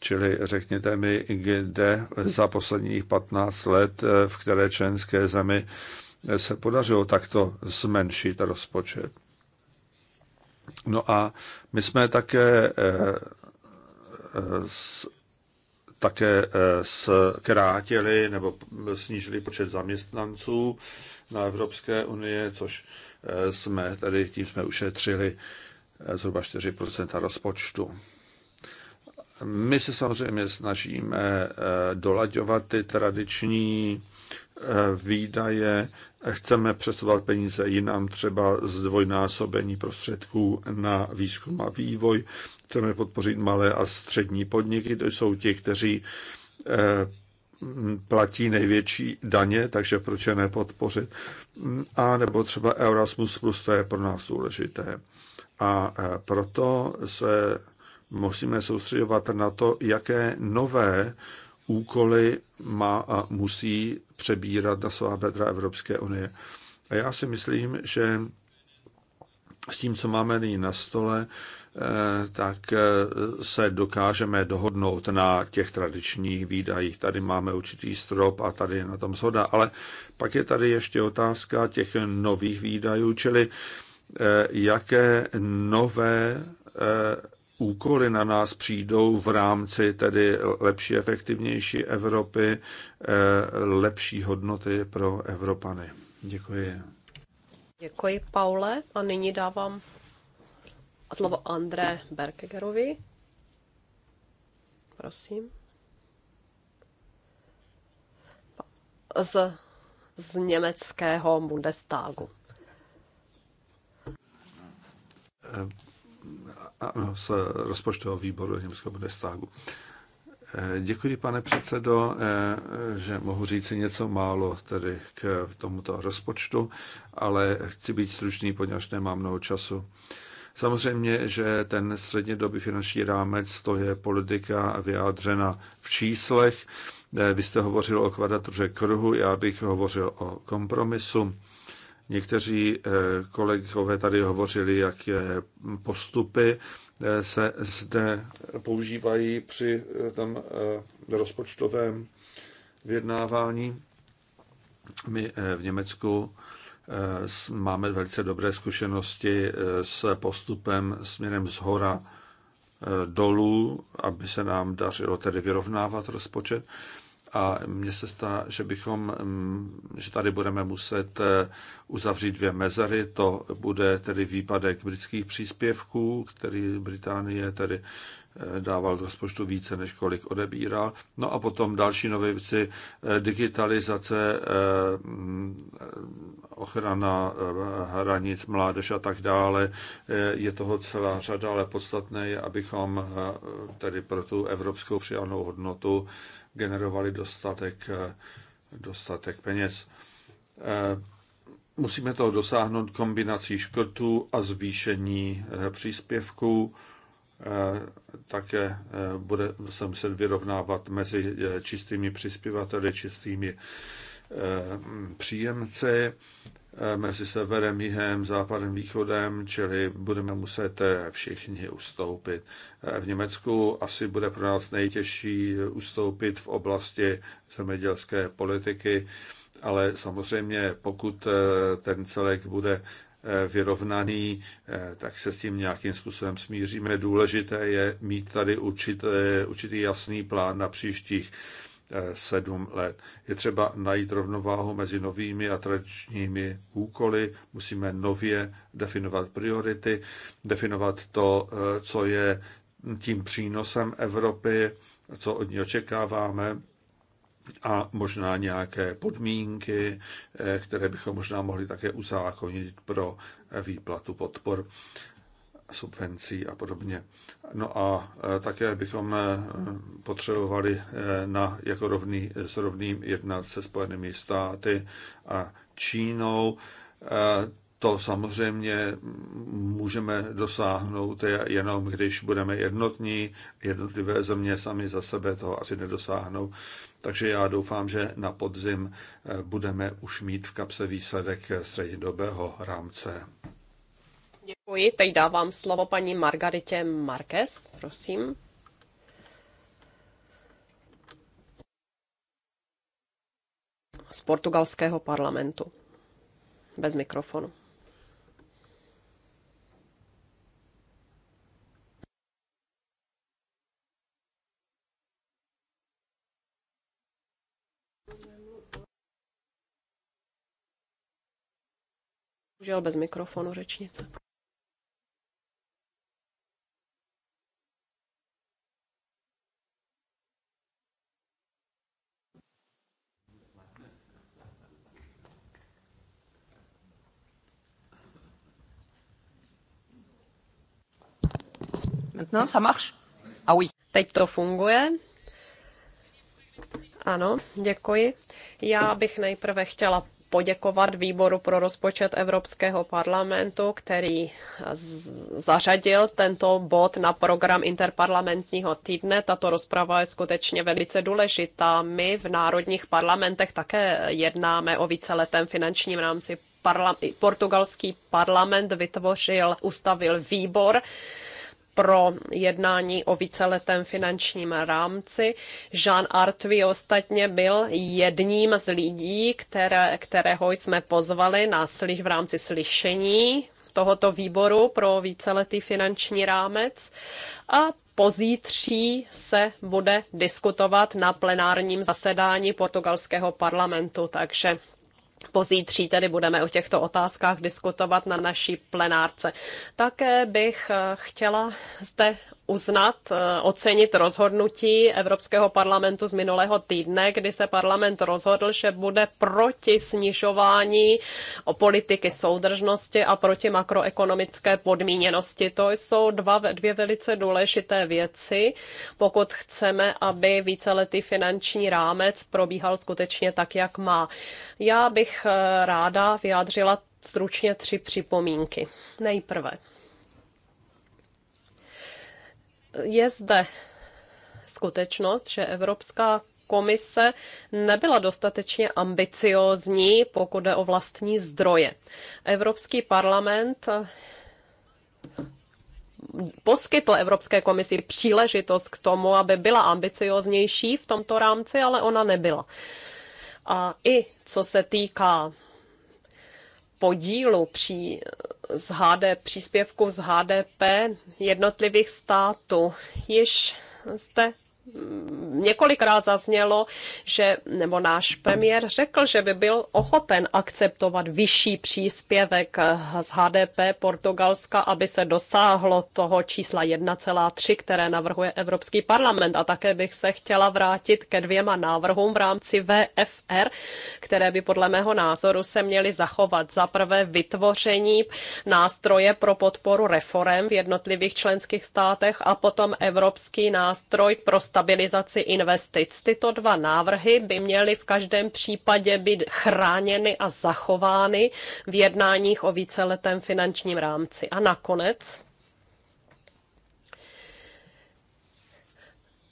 Čili řekněte mi, kde za posledních 15 let, eh, v které členské zemi eh, se podařilo takto zmenšit rozpočet. No a my jsme také také eh, s krátili nebo snížili počet zaměstnanců na Evropské unie, což eh, jsme tady tím jsme ušetřili eh, zhruba 4 rozpočtu. My se samozřejmě snažíme dolaďovat ty tradiční Eh, výdaje, chceme přesouvat peníze jinam, třeba zdvojnásobení prostředků na výzkum a vývoj, chceme podpořit malé a střední podniky, to jsou ti, kteří eh, platí největší daně, takže proč je nepodpořit. A nebo třeba Erasmus+, plus, to je pro nás důležité. A eh, proto se musíme soustředovat na to, jaké nové úkoly má a musí přebírat na svá bedra Evropské unie. A já si myslím, že s tím, co máme nyní na stole, eh, tak eh, se dokážeme dohodnout na těch tradičních výdajích. Tady máme určitý strop a tady je na tom shoda. Ale pak je tady ještě otázka těch nových výdajů, čili eh, jaké nové úkoly na nás přijdou v rámci tedy lepší, efektivnější Evropy, eh, lepší hodnoty pro Evropany. Děkuji. Děkuji, Paule. A nyní dávám slovo André Berkegerovi. Prosím. Z, z německého Bundestagu. Eh, z rozpočtového výboru Německého Bundestagu. Eh, děkuji, pane předsedo, eh, že mohu říci něco málo tedy k tomuto rozpočtu, ale chci být stručný, poněvadž nemám mnoho času. Samozřejmě, že ten střednědobý finanční rámec, to je politika vyjádřena v číslech. Eh, vy jste hovořil o kvadratuře kruhu, já bych hovořil o kompromisu. Někteří eh, kolegové tady hovořili, jaké postupy eh, se zde používají při eh, tam rozpočtovém vyjednávání. My v Německu máme velice dobré zkušenosti s postupem směrem z hora dolů, aby se nám dařilo tedy vyrovnávat rozpočet a mně se stá, že bychom, mm, že tady budeme muset eh, uzavřít dvě mezery, to bude tedy výpadek britských příspěvků, který Británie tedy eh, dával do rozpočtu více, než kolik odebíral. No a potom další nové věci, eh, digitalizace, mm, ochrana hranic, mládež a tak dále. Je toho celá řada, ale podstatné je, abychom tedy pro tu evropskou přijanou hodnotu generovali dostatek, eh, dostatek peněz. Eh, musíme to dosáhnout kombinací škrtů a zvýšení eh, příspěvků. Také bude se muset vyrovnávat mezi čistými přispěvateli, čistými příjemci Eh, mezi severem, jihem, západem, východem, čili budeme muset eh, všichni ustoupit. Eh, v Německu asi bude pro nás nejtěžší ustoupit v oblasti zemědělské politiky, ale samozřejmě pokud ten celek bude vyrovnaný, tak se s tím nějakým způsobem smíříme. Důležité je mít tady určitý, určitý jasný plán na příštích sedm let. Je třeba najít rovnováhu mezi novými a tradičními úkoly, musíme nově definovat priority, definovat to, eh, co je tím přínosem Evropy, co od ní očekáváme a možná nějaké podmínky, eh, které bychom možná mohli také uzákonit pro výplatu podpor subvencí a podobně. No a e, také bychom e, potřebovali e, na, jako rovný, s rovným jednat se Spojenými státy a Čínou. To samozřejmě můžeme dosáhnout jenom, když budeme jednotní. Jednotlivé země sami za sebe toho asi nedosáhnou. Takže já doufám, že na podzim budeme už mít v kapse výsledek střednědobého rámce. Děkuji, teď dávám slovo paní Margaritě Marquez, prosím. Z portugalského parlamentu. Bez mikrofonu. Bohužel bez mikrofonu řečnice. Maintenant, no, ça marche? Ah oui. Teď to funguje. Ano, děkuji. Já bych nejprve chtěla poděkovat výboru pro rozpočet Evropského parlamentu, který zařadil tento bod na program interparlamentního týdne. Tato rozprava je skutečně velice důležitá. My v národních parlamentech také jednáme o víceletém finančním rámci. Parla- portugalský parlament vytvořil, ustavil výbor pro jednání o víceletém finančním rámci. Jean Artvi ostatně byl jedním z lidí, které, kterého jsme pozvali na slyš v rámci slyšení tohoto výboru pro víceletý finanční rámec a pozítří se bude diskutovat na plenárním zasedání portugalského parlamentu, takže Pozítří tedy budeme o těchto otázkách diskutovat na naší plenárce. Také bych eh, chtěla zde uznat, eh, ocenit rozhodnutí Evropského parlamentu z minulého týdne, kdy se parlament rozhodl, že bude proti snižování o politiky soudržnosti a proti makroekonomické podmíněnosti. To jsou dva, dvě velice důležité věci, pokud chceme, aby víceletý finanční rámec probíhal skutečně tak, jak má. Já bych eh, ráda vyjádřila stručně tři připomínky. Nejprve je zde skutečnost, že Evropská komise nebyla dostatečně ambiciózní, pokud jde o vlastní zdroje. Evropský parlament poskytl Evropské komisi příležitost k tomu, aby byla ambicioznější v tomto rámci, ale ona nebyla. A i co se týká podílu při z HD, příspěvku z HDP jednotlivých států. Již zde několikrát zaznělo, že, nebo náš premiér řekl, že by byl ochoten akceptovat vyšší příspěvek z HDP Portugalska, aby se dosáhlo toho čísla 1,3, které navrhuje Evropský parlament. A také bych se chtěla vrátit ke dvěma návrhům v rámci VFR, které by podle mého názoru se měly zachovat. Za prvé vytvoření nástroje pro podporu reform v jednotlivých členských státech a potom evropský nástroj pro stát stabilizaci investic. Tyto dva návrhy by měly v každém případě být chráněny a zachovány v jednáních o víceletém finančním rámci. A nakonec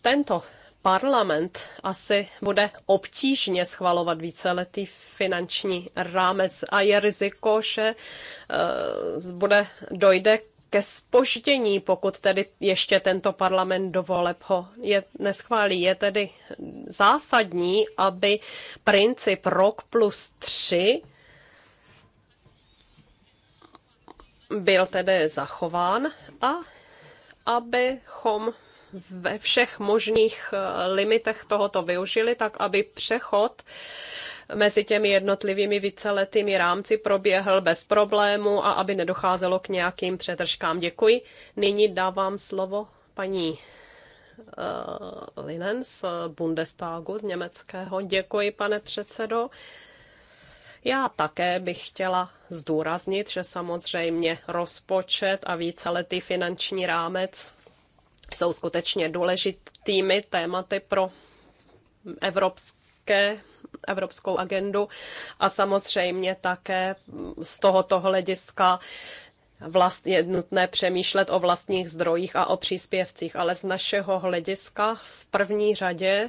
tento parlament asi bude obtížně schvalovat víceletý finanční rámec a je riziko, že eh, bude, dojde ke spoždění, pokud tedy ještě tento parlament do voleb ho je, neschválí. Je tedy zásadní, aby princip rok plus tři byl tedy zachován a abychom ve všech možných limitech tohoto využili, tak aby přechod mezi těmi jednotlivými víceletými rámci proběhl bez problému a aby nedocházelo k nějakým přetržkám. Děkuji. Nyní dávám slovo paní uh, Linen z Bundestagu z Německého. Děkuji, pane předsedo. Já také bych chtěla zdůraznit, že samozřejmě rozpočet a víceletý finanční rámec jsou skutečně důležitými tématy pro evropské evropskou agendu a samozřejmě také z tohoto hlediska vlast, je nutné přemýšlet o vlastních zdrojích a o příspěvcích, ale z našeho hlediska v první řadě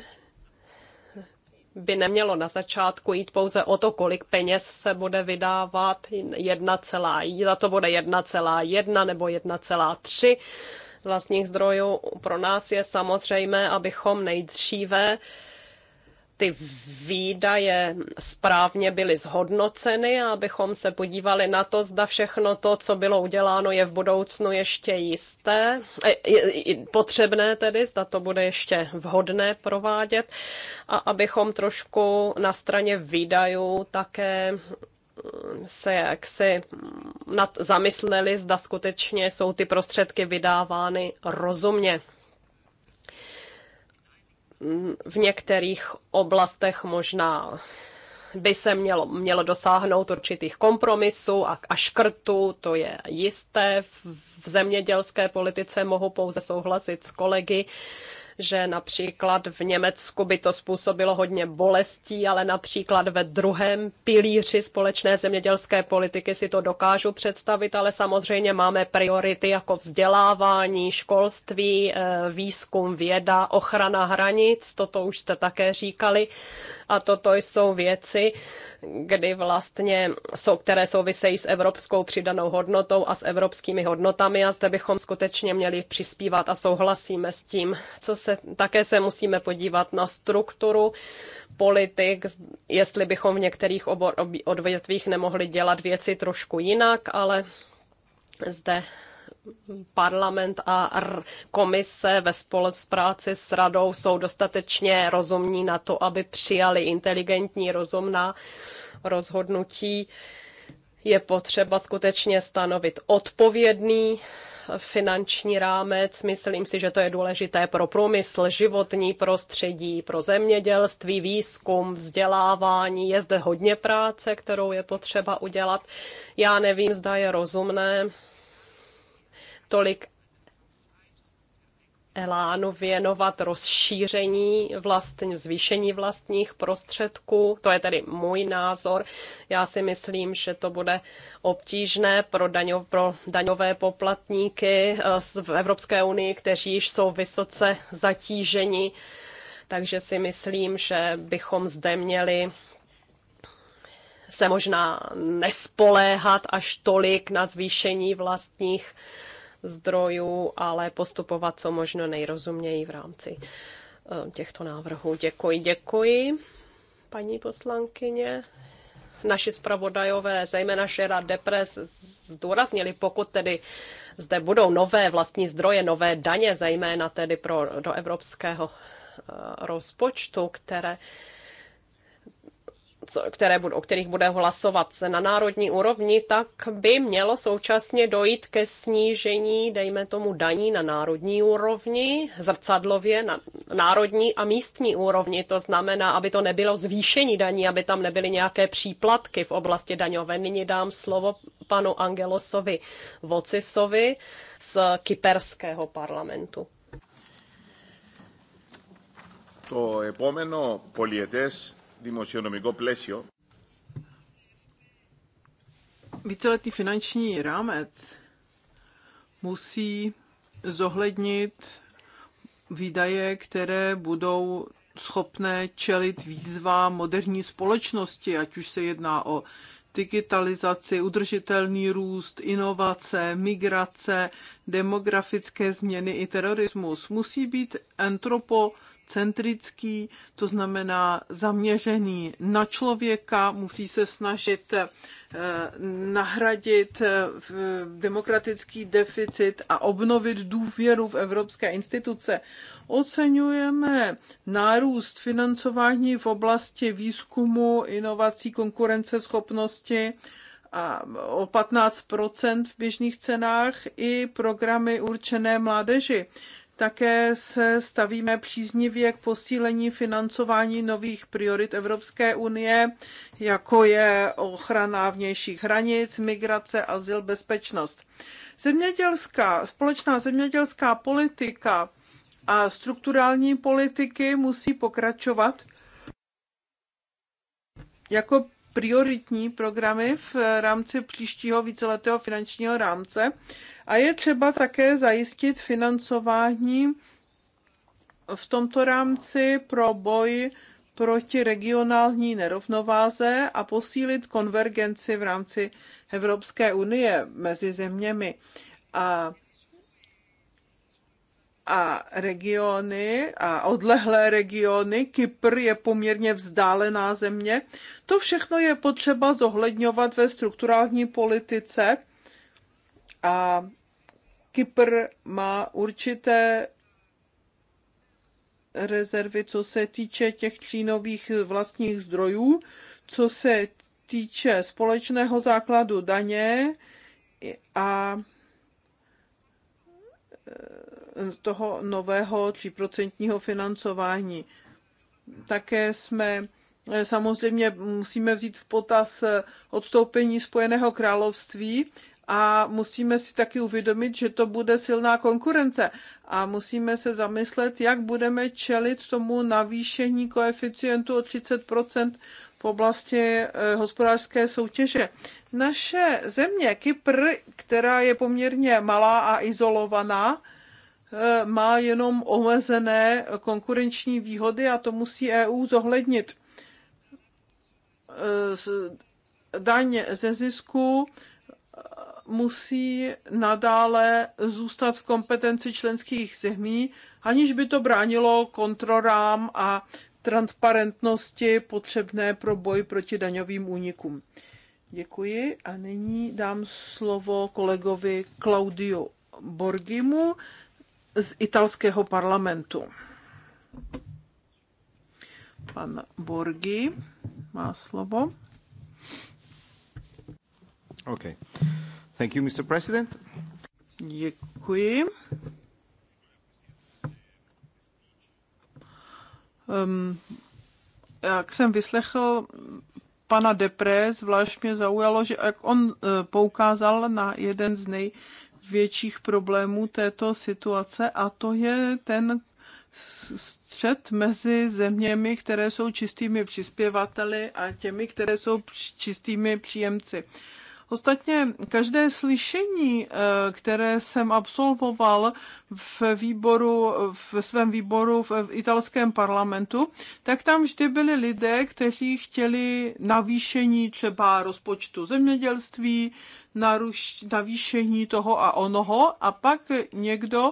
by nemělo na začátku jít pouze o to, kolik peněz se bude vydávat, jedna celá, za to bude 1,1 nebo 1,3 vlastních zdrojů. Pro nás je samozřejmé, abychom nejdříve ty výdaje správně byly zhodnoceny a abychom se podívali na to, zda všechno to, co bylo uděláno, je v budoucnu ještě jisté, e, potřebné tedy, zda to bude ještě vhodné provádět a abychom trošku na straně výdajů také mm, se jak nad, zamysleli, zda skutečně jsou ty prostředky vydávány rozumně v některých oblastech možná by se mělo, mělo dosáhnout určitých kompromisů a, a škrtů, to je jisté. V, v zemědělské politice mohu pouze souhlasit s kolegy že například v Německu by to způsobilo hodně bolestí, ale například ve druhém pilíři společné zemědělské politiky si to dokážu představit, ale samozřejmě máme priority jako vzdělávání, školství, eh, výzkum, věda, ochrana hranic, toto už jste také říkali, a toto jsou věci, kdy vlastně jsou, které souvisejí s evropskou přidanou hodnotou a s evropskými hodnotami a zde bychom skutečně měli přispívat a souhlasíme s tím, co se se, také se musíme podívat na strukturu politik, jestli bychom v některých obor, odvětvích nemohli dělat věci trošku jinak, ale zde parlament a komise ve spolupráci s radou jsou dostatečně rozumní na to, aby přijali inteligentní, rozumná rozhodnutí. Je potřeba skutečně stanovit odpovědný finanční rámec. Myslím si, že to je důležité pro průmysl, životní prostředí, pro zemědělství, výzkum, vzdělávání. Je zde hodně práce, kterou je potřeba udělat. Já nevím, zda je rozumné tolik elánu věnovat rozšíření vlastní, zvýšení vlastních prostředků. To je tedy můj názor. Já si myslím, že to bude obtížné pro, daňo, pro daňové poplatníky eh, v Evropské unii, kteří již jsou vysoce zatíženi. Takže si myslím, že bychom zde měli se možná nespoléhat až tolik na zvýšení vlastních zdrojů, ale postupovat co možno nejrozuměji v rámci eh, těchto návrhů. Děkuji, děkuji, paní poslankyně. Naši zpravodajové, zejména Šera Depres, zdůraznili, pokud tedy zde budou nové vlastní zdroje, nové daně, zejména tedy pro, do evropského eh, rozpočtu, které které, o kterých bude hlasovat se na národní úrovni, tak by mělo současně dojít ke snížení, dejme tomu, daní na národní úrovni, zrcadlově na národní a místní úrovni. To znamená, aby to nebylo zvýšení daní, aby tam nebyly nějaké příplatky v oblasti daňové. Nyní dám slovo panu Angelosovi Vocisovi z kyperského parlamentu. To epomeno polietes Víceletý finanční rámec musí zohlednit výdaje, které budou schopné čelit výzvám moderní společnosti, ať už se jedná o digitalizaci, udržitelný růst, inovace, migrace, demografické změny i terorismus. Musí být antropo centrický, to znamená zaměřený na člověka, musí se snažit eh, nahradit eh, demokratický deficit a obnovit důvěru v evropské instituce. Oceňujeme nárůst financování v oblasti výzkumu, inovací, konkurenceschopnosti, a o 15 v běžných cenách i programy určené mládeži. Také se stavíme příznivě k posílení financování nových priorit Evropské unie, jako je ochrana vnějších hranic, migrace, azyl, bezpečnost. Zemědělská, společná zemědělská politika a strukturální politiky musí pokračovat jako prioritní programy v rámci příštího víceletého finančního rámce a je třeba také zajistit financování v tomto rámci pro boj proti regionální nerovnováze a posílit konvergenci v rámci Evropské unie mezi zeměmi. A a regiony a odlehlé regiony, Kypr je poměrně vzdálená země, to všechno je potřeba zohledňovat ve strukturální politice a Kypr má určité rezervy, co se týče těch čínových vlastních zdrojů, co se týče společného základu daně a e, toho nového 3% financování. Také jsme eh, samozřejmě musíme vzít v potaz eh, odstoupení Spojeného království a musíme si taky uvědomit, že to bude silná konkurence a musíme se zamyslet, jak budeme čelit tomu navýšení koeficientu o 30 v oblasti eh, hospodářské soutěže. Naše země, Kypr, která je poměrně malá a izolovaná, Eh, má jenom omezené konkurenční výhody a to musí EU zohlednit. Eh, daň ze zisku eh, musí nadále zůstat v kompetenci členských zemí, aniž by to bránilo kontrolám a transparentnosti potřebné pro boj proti daňovým únikům. Děkuji a nyní dám slovo kolegovi Claudiu Borgimu z italského parlamentu. Pan Borgi má slovo. Okay. Thank you, Mr. President. Děkuji. Um, jak jsem vyslechl pana Depré, zvlášť mě zaujalo, že jak on eh, poukázal na jeden z nej, větších problémů této situace a to je ten střed mezi zeměmi, které jsou čistými přispěvateli a těmi, které jsou čistými příjemci. Ostatně každé slyšení, eh, které jsem absolvoval v výboru, v svém výboru v italském parlamentu, tak tam vždy byli lidé, kteří chtěli navýšení třeba rozpočtu zemědělství, naruš, navýšení toho a onoho a pak někdo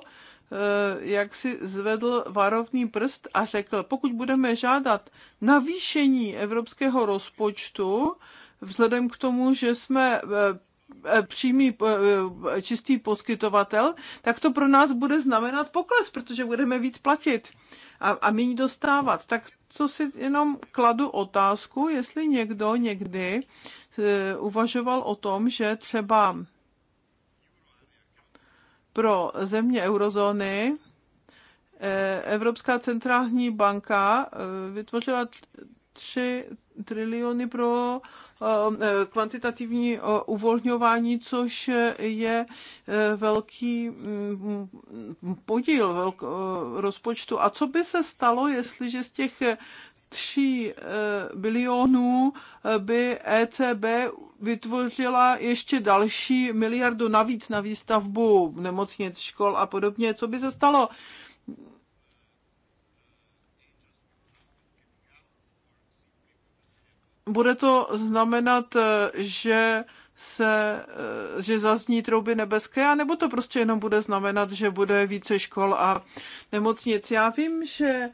eh, jak si zvedl varovný prst a řekl, pokud budeme žádat navýšení evropského rozpočtu, vzhledem k tomu, že jsme eh, eh, přímý eh, čistý poskytovatel, tak to pro nás bude znamenat pokles, protože budeme víc platit a, a méně dostávat. Tak co si jenom kladu otázku, jestli někdo někdy uvažoval o tom, že třeba pro země eurozóny Evropská centrální banka vytvořila tři triliony pro um, eh, kvantitativní eh, uvolňování, což je eh, velký mm, podíl rozpočtu. A co by se stalo, jestliže z těch 3 bilionů by ECB vytvořila ještě další miliardu navíc na výstavbu nemocnic, škol a podobně. Co by se stalo? bude to znamenat, eh, že se, eh, že zazní trouby nebeské, nebo to prostě jenom bude znamenat, že bude více škol a nemocnic. Já vím, že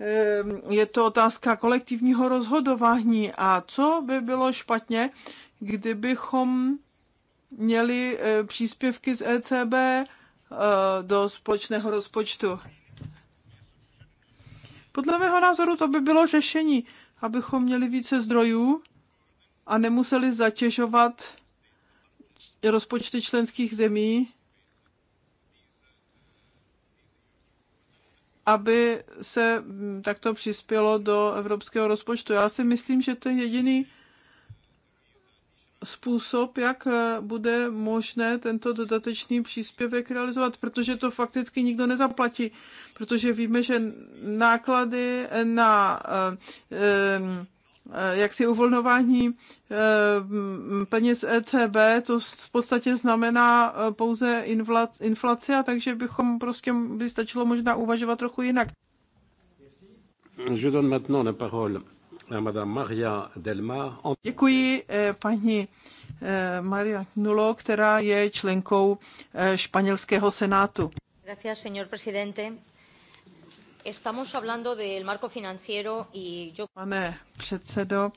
eh, je to otázka kolektivního rozhodování a co by bylo špatně, kdybychom měli příspěvky z ECB do společného rozpočtu. Podle mého názoru to by bylo řešení abychom měli více zdrojů a nemuseli zatěžovat rozpočty členských zemí, aby se mm, takto přispělo do evropského rozpočtu. Já si myslím, že to je jediný způsob, jak eh, bude možné tento dodatečný příspěvek realizovat, protože to fakticky nikdo nezaplatí, protože víme, že náklady na eh, eh, jak si uvolňování peněz ECB, to v podstatě znamená pouze inflace, a takže bychom prostě by stačilo možná uvažovat trochu jinak. Je donne maintenant la parole Děkuji eh, paní eh, Maria Nulo, která je členkou eh, španělského senátu. Gracias, señor presidente. Estamos hablando del marco financiero y yo... Pane předsedo,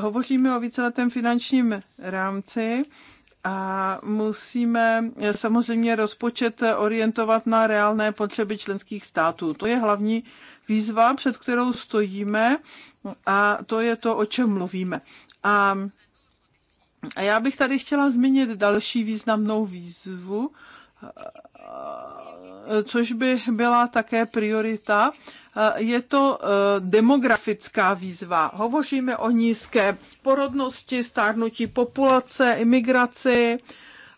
hovoříme o víceletém finančním rámci a musíme samozřejmě rozpočet orientovat na reálné potřeby členských států. To je hlavní výzva, před kterou stojíme a to je to, o čem mluvíme. A já bych tady chtěla zmínit další významnou výzvu, což by byla také priorita, je to eh, demografická výzva. Hovoříme o nízké porodnosti, stárnutí populace, imigraci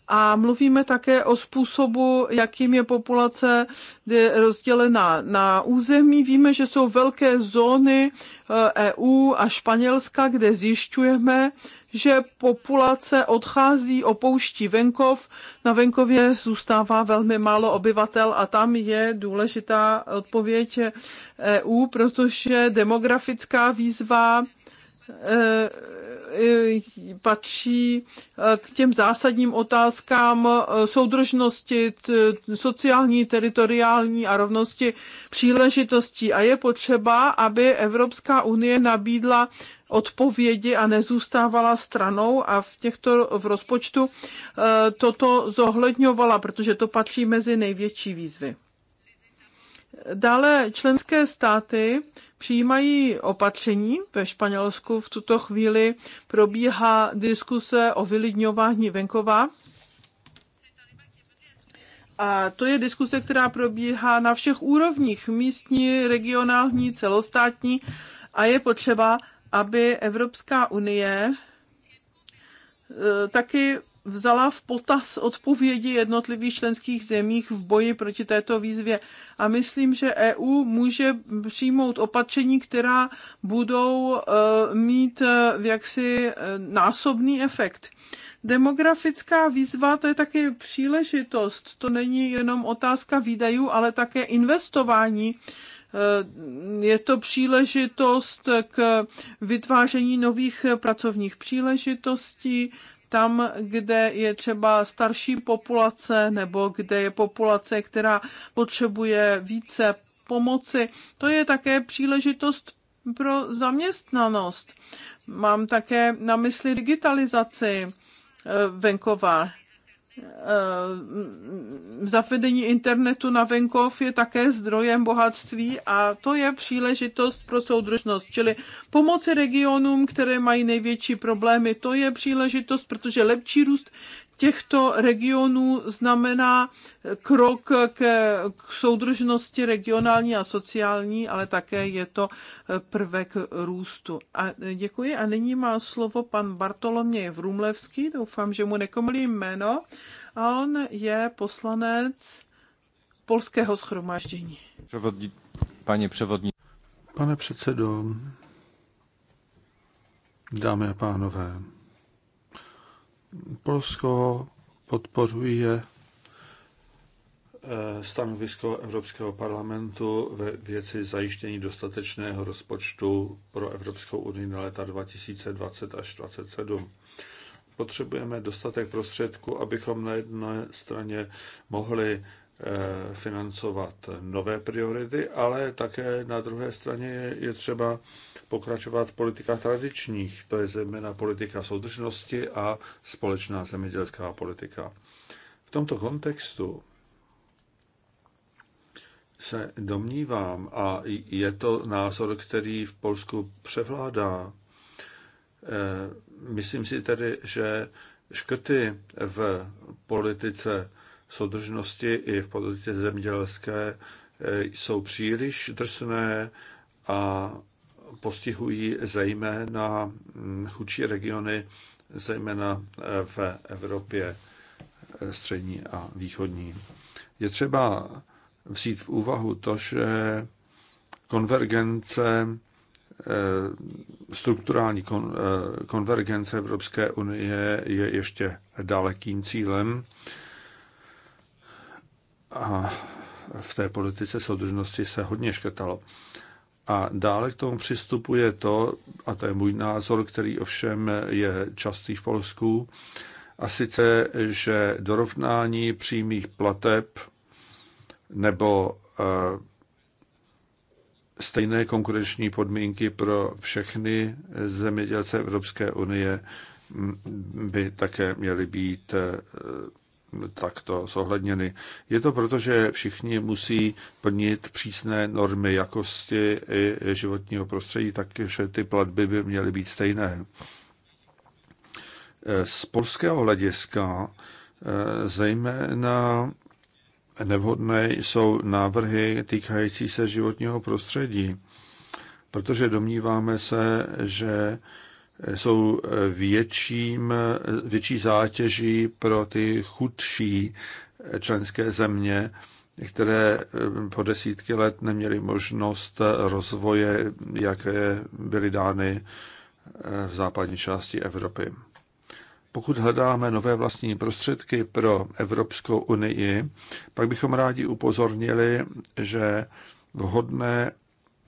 a mluvíme také o způsobu, jakým je populace eh, rozdělená na území. Víme, že jsou velké zóny EU eh, e a Španělska, kde zjišťujeme, že populace odchází, opouští venkov, na venkově zůstává velmi málo obyvatel a tam je důležitá odpověď EU, protože demografická výzva e, patří e, k těm zásadním otázkám e, soudržnosti sociální, teritoriální a rovnosti příležitostí. A je potřeba, aby Evropská unie nabídla odpovědi a nezůstávala stranou a v těchto v rozpočtu eh, toto zohledňovala, protože to patří mezi největší výzvy. Dále členské státy přijímají opatření. Ve Španělsku v tuto chvíli probíhá diskuse o vylidňování venkova. A to je diskuse, která probíhá na všech úrovních, místní, regionální, celostátní a je potřeba aby Evropská unie eh, taky vzala v potaz odpovědi jednotlivých členských zemích v boji proti této výzvě. A myslím, že EU může přijmout opatření, která budou eh, mít eh, jaksi násobný efekt. Demografická výzva to je taky příležitost. To není jenom otázka výdajů, ale také investování Eh, je to příležitost k vytváření nových pracovních příležitostí, tam, kde je třeba starší populace nebo kde je populace, která potřebuje více pomoci. To je také příležitost pro zaměstnanost. Mám také na mysli digitalizaci eh, venkova. Eh, zavedení internetu na venkov je také zdrojem bohatství a to je příležitost pro soudržnost, čili pomoci regionům, které mají největší problémy, to je příležitost, protože lepší růst těchto regionů znamená krok k, soudržnosti regionální a sociální, ale také je to prvek růstu. A děkuji a nyní má slovo pan Bartoloměj Vrumlevský, doufám, že mu nekomlím jméno, a on je poslanec Polského schromáždění. Převodní, paní převodní. Pane předsedo, dámy a pánové, Polsko podporuje eh, stanovisko Evropského parlamentu ve věci zajištění dostatečného rozpočtu pro Evropskou unii na léta 2020 až 2027. Potřebujeme dostatek prostředků, abychom na jedné straně mohli Eh, financovat nové priority, ale také na druhé straně je třeba pokračovat v politikách tradičních, to je zejména politika soudržnosti a společná zemědělská politika. V tomto kontextu se domnívám, a je to názor, který v Polsku převládá, eh, myslím si tedy, že škrty v politice soudržnosti i v politice zemědělské e, jsou příliš drsné a postihují zejména mm, chudší regiony, zejména e, v Evropě e, střední a východní. Je třeba vzít v úvahu to, že konvergence, strukturální konvergence Evropské unie je ještě dalekým cílem a v té politice soudržnosti se hodně škrtalo. A dále k tomu přistupuje to, a to je můj názor, který ovšem je častý v Polsku, a sice, že dorovnání přímých plateb nebo eh, stejné konkurenční podmínky pro všechny zemědělce Evropské unie mm, by také měly být eh, takto zohledněny. Je to proto, že všichni musí plnit přísné normy jakosti i životního prostředí, takže ty platby by měly být stejné. Z polského hlediska eh, zejména nevhodné jsou návrhy týkající se životního prostředí, protože domníváme se, že jsou větším, větší zátěží pro ty chudší členské země, které eh, po desítky let neměly možnost rozvoje, jaké byly dány eh, v západní části Evropy. Pokud hledáme nové vlastní prostředky pro Evropskou unii, pak bychom rádi upozornili, že vhodné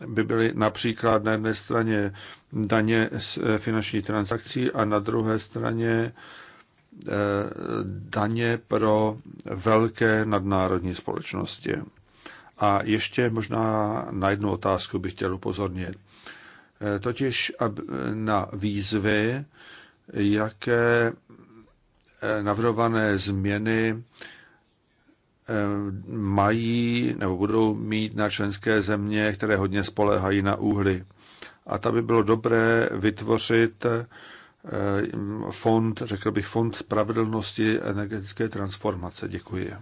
by byly například na jedné straně daně z eh, finančních transakcí a na druhé straně eh, daně pro velké nadnárodní společnosti. A ještě možná na jednu otázku bych chtěl upozornit. Eh, totiž na výzvy, jaké navrhované změny mají nebo budou mít na členské země, které hodně spolehají na úhly. A ta by bylo dobré vytvořit eh, fond, řekl bych, fond spravedlnosti energetické transformace. Děkuji.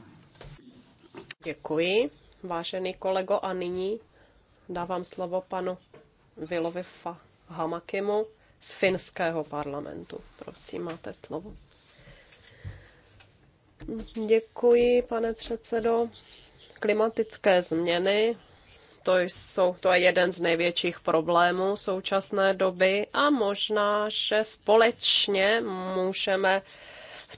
Děkuji, vážený kolego. A nyní dávám slovo panu Vilovi Hamakimu z finského parlamentu. Prosím, máte slovo. Děkuji, pane předsedo. Klimatické změny, to, jsou, to je jeden z největších problémů současné doby a možná, že společně můžeme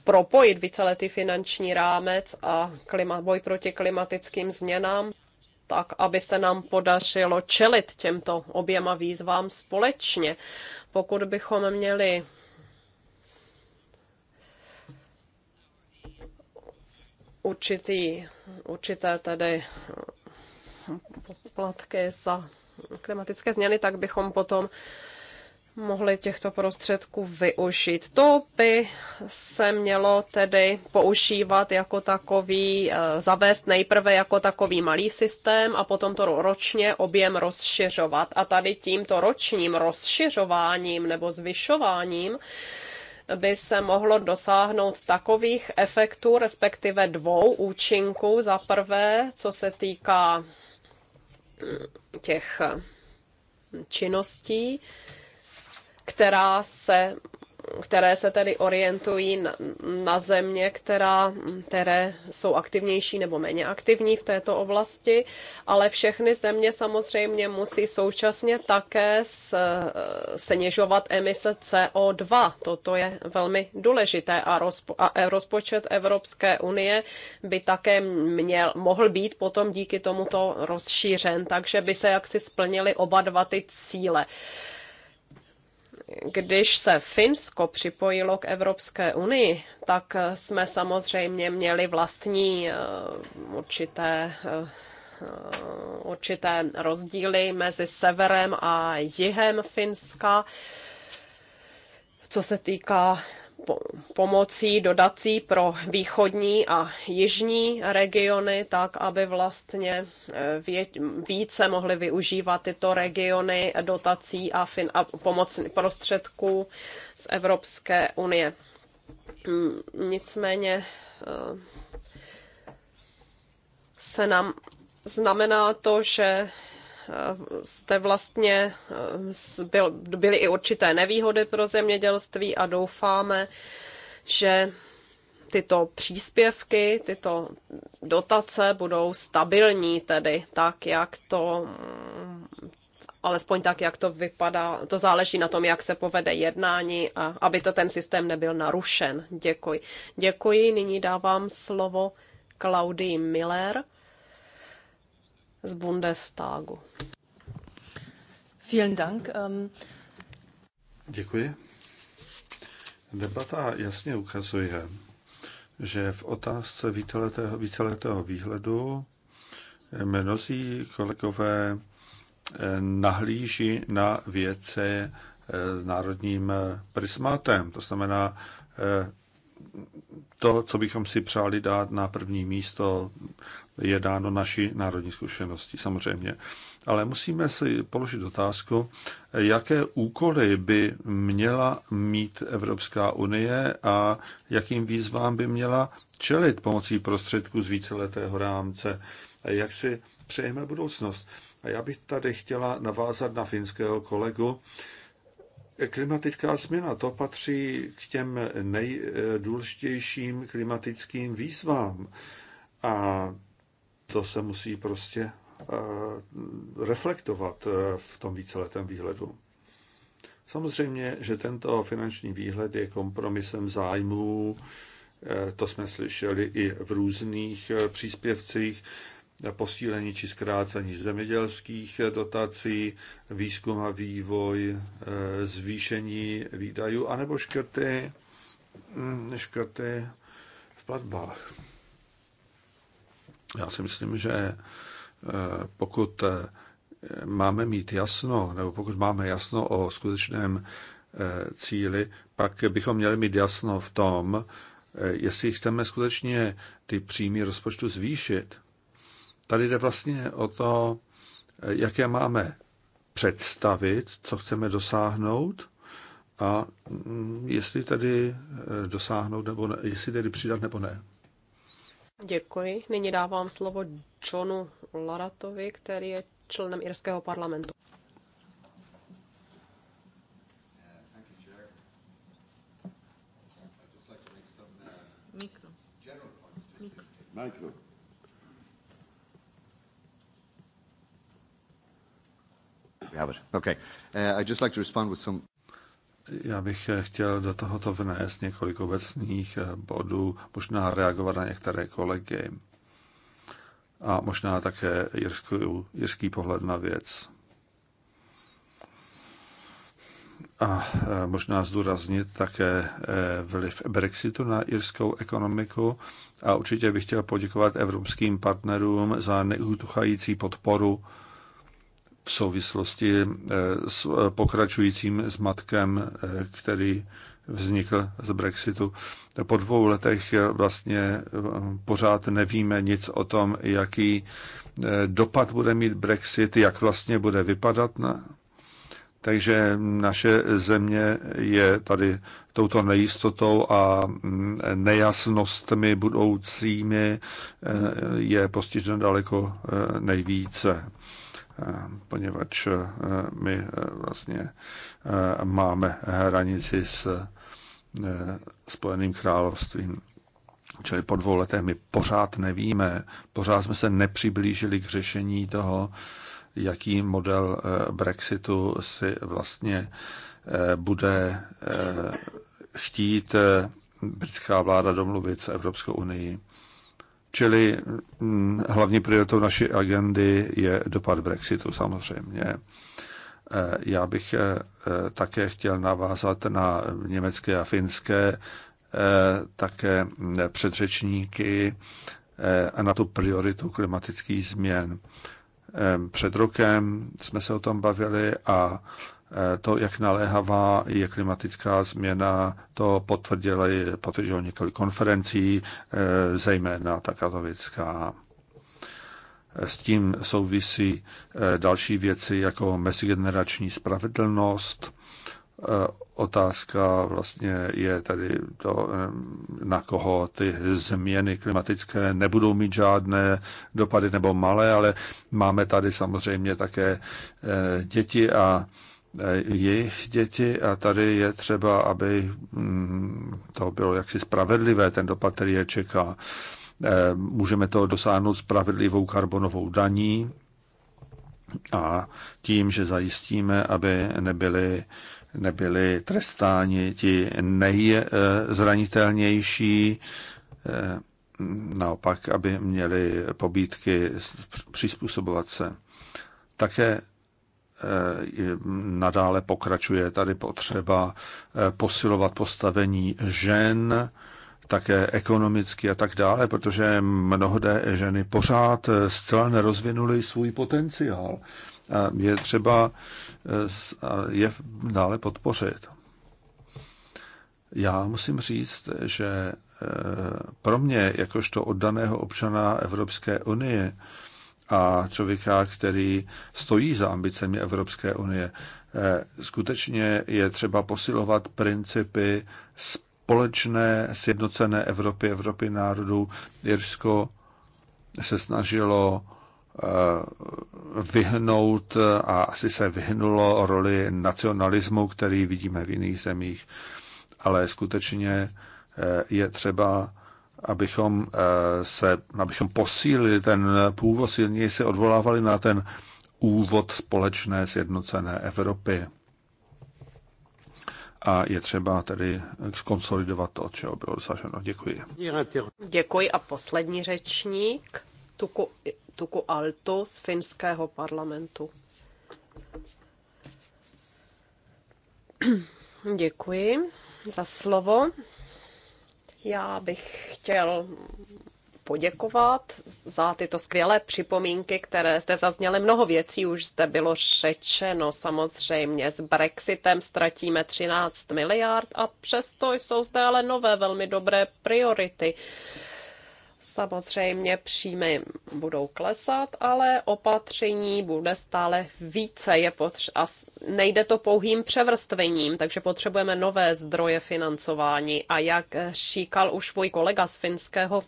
propojit víceletý finanční rámec a klima, boj proti klimatickým změnám, tak aby se nám podařilo čelit těmto oběma výzvám společně. Pokud bychom měli určitý, určité tady eh, poplatky za klimatické změny, tak bychom potom mohli těchto prostředků využít. To by se mělo tedy používat jako takový, eh, zavést nejprve jako takový malý systém a potom to ročně objem rozšiřovat. A tady tímto ročním rozšiřováním nebo zvyšováním by se mohlo dosáhnout takových efektů, respektive dvou účinků. Za prvé, co se týká těch činností, která se které se tedy orientují na, na země, která, které jsou aktivnější nebo méně aktivní v této oblasti, ale všechny země samozřejmě musí současně také snižovat emise CO2. Toto je velmi důležité a, rozpo, a rozpočet Evropské unie by také měl, mohl být potom díky tomuto rozšířen, takže by se jaksi splnili oba dva ty cíle. Uh, když se Finsko připojilo k Evropské unii, tak jsme samozřejmě měli vlastní eh, určité eh, určité rozdíly mezi severem a jihem Finska, co se týká pomocí dodací pro východní a jižní regiony, tak aby vlastně e, vě, více mohly využívat tyto regiony dotací a, fin, a pomoc prostředků z Evropské unie. Mm, nicméně e, se nám znamená to, že Eh, jste vlastně eh, byly i určité nevýhody pro zemědělství a doufáme, že tyto příspěvky, tyto dotace budou stabilní tedy, tak jak to alespoň tak, jak to vypadá. To záleží na tom, jak se povede jednání a aby to ten systém nebyl narušen. Děkuji. Děkuji. Nyní dávám slovo Klaudii Miller z Bundestagu. Vielen Dank. Ähm, Děkuji. Debata jasně ukazuje, že v otázce víceletého, víceletého výhledu mnozí kolegové eh, nahlíží na věce eh, s národním eh, prismátem. To znamená, to, co bychom si přáli dát na první místo, je dáno naší národní zkušeností samozřejmě. Ale musíme si položit otázku, jaké úkoly by měla mít Evropská unie a jakým výzvám by měla čelit pomocí prostředků z víceletého rámce. Jak si přejeme budoucnost. A já bych tady chtěla navázat na finského kolegu. Klimatická změna, to patří k těm nejdůležitějším klimatickým výzvám. A to se musí prostě eh, reflektovat eh, v tom víceletém výhledu. Samozřejmě, že tento finanční výhled je kompromisem zájmů, eh, to jsme slyšeli i v různých příspěvcích, posílení či zkrácení zemědělských dotací, výzkum a vývoj, zvýšení výdajů, anebo škrty, hm, škrty v platbách. Já si myslím, že eh, pokud eh, máme mít jasno, nebo pokud máme jasno o skutečném eh, cíli, pak bychom měli mít jasno v tom, jestli chceme skutečně ty příjmy rozpočtu zvýšit. Tady jde vlastně o to, jaké máme představit, co chceme dosáhnout a mm, jestli tedy dosáhnout nebo ne, jestli tedy přidat nebo ne. Děkuji. Nyní dávám slovo Johnu Laratovi, který je členem irského parlamentu. Mikro. Mikro. Mikro. Okay. Uh, I'd just like to respond with some já bych chtěl do tohoto vnést několik obecných bodů, možná reagovat na některé kolegy a možná také jirský, jirský pohled na věc. A možná zdůraznit také eh, vliv Brexitu na irskou ekonomiku. A určitě bych chtěl poděkovat evropským partnerům za neutuchající podporu v souvislosti eh, s eh, pokračujícím zmatkem, eh, který vznikl z Brexitu. Po dvou letech vlastně pořád nevíme nic o tom, jaký dopad bude mít Brexit, jak vlastně bude vypadat. Na... Takže naše země je tady touto nejistotou a mm, nejasnostmi budoucími je postižena daleko nejvíce. Ehm, poněvadž ehm, my ehm, vlastně máme hranici s Spojeným královstvím. Čili po dvou letech my pořád nevíme, pořád jsme se nepřiblížili k řešení toho, jaký model Brexitu si vlastně bude chtít britská vláda domluvit s Evropskou unii. Čili mm, hlavní prioritou naší agendy je dopad Brexitu samozřejmě. E, já bych e, e, také chtěl navázat na německé a finské také předřečníky a na tu prioritu klimatických změn. Před rokem jsme se o tom bavili a Eh, to, jak naléhavá je klimatická změna, to potvrdili, potvrdilo několik konferencí, eh, zejména ta katovická. S tím souvisí eh, další věci jako mezigenerační spravedlnost. Otázka vlastně je tady to, na koho ty změny klimatické nebudou mít žádné dopady nebo malé, ale máme tady samozřejmě také děti a Eh, jejich děti a tady je třeba, aby mm, to bylo jaksi spravedlivé, ten dopad, který je čeká. Eh, můžeme to dosáhnout spravedlivou karbonovou daní a tím, že zajistíme, aby nebyly, nebyly trestáni ti nejzranitelnější, eh, naopak, aby měli pobídky přizpůsobovat se. Také Eh, nadále pokračuje tady potřeba eh, posilovat postavení žen, také ekonomicky a tak dále, protože mnohé ženy pořád eh, zcela nerozvinuly svůj potenciál. je třeba je dále podpořit. Já musím říct, že pro mě, jakožto oddaného občana Evropské unie, a člověka, který stojí za ambicemi Evropské unie. Eh, skutečně je třeba posilovat principy společné sjednocené Evropy, Evropy národů. Jirsko se snažilo eh, vyhnout a asi se vyhnulo roli nacionalismu, který vidíme v jiných zemích. Ale skutečně eh, je třeba abychom, eh, se, abychom posílili ten původ, silněji se odvolávali na ten úvod společné sjednocené Evropy. A je třeba tedy skonsolidovat to, čeho bylo dosaženo. Děkuji. Děkuji a poslední řečník, Tuku, Tuku Alto z finského parlamentu. Děkuji za slovo. Já bych chtěl poděkovat za tyto skvělé připomínky, které zde zazněly. Mnoho věcí už zde bylo řečeno. Samozřejmě s Brexitem ztratíme 13 miliard a přesto jsou zde ale nové velmi dobré priority. Samozřejmě příjmy budou klesat, ale opatření bude stále více. Je potř- a nejde to pouhým převrstvením, takže potřebujeme nové zdroje financování. A jak říkal už můj kolega z finského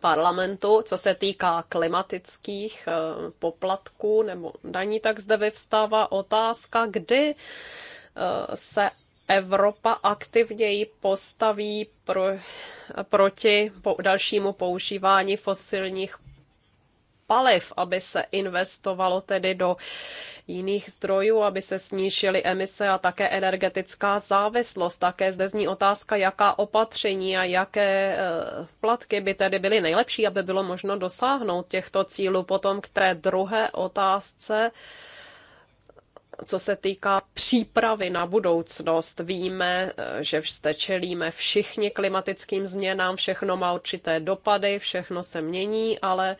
parlamentu, co se týká klimatických eh, poplatků nebo daní, tak zde vyvstává otázka, kdy eh, se Evropa aktivněji postaví pro, proti po, dalšímu používání fosilních paliv, aby se investovalo tedy do jiných zdrojů, aby se snížily emise a také energetická závislost. Také zde zní otázka, jaká opatření a jaké e, platky by tedy byly nejlepší, aby bylo možno dosáhnout těchto cílů. Potom k té druhé otázce co se týká přípravy na budoucnost, víme, eh, že jste čelíme všichni klimatickým změnám, všechno má určité dopady, všechno se mění, ale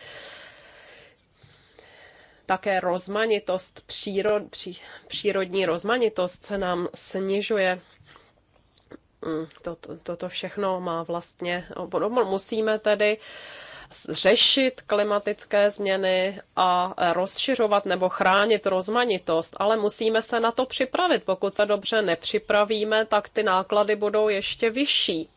také rozmanitost, příro, pří, přírodní rozmanitost se nám snižuje. Mm, toto, toto všechno má vlastně, no, musíme tedy uh, řešit klimatické změny a rozšiřovat nebo chránit rozmanitost, ale musíme se na to připravit. Pokud se dobře nepřipravíme, tak ty náklady budou ještě vyšší.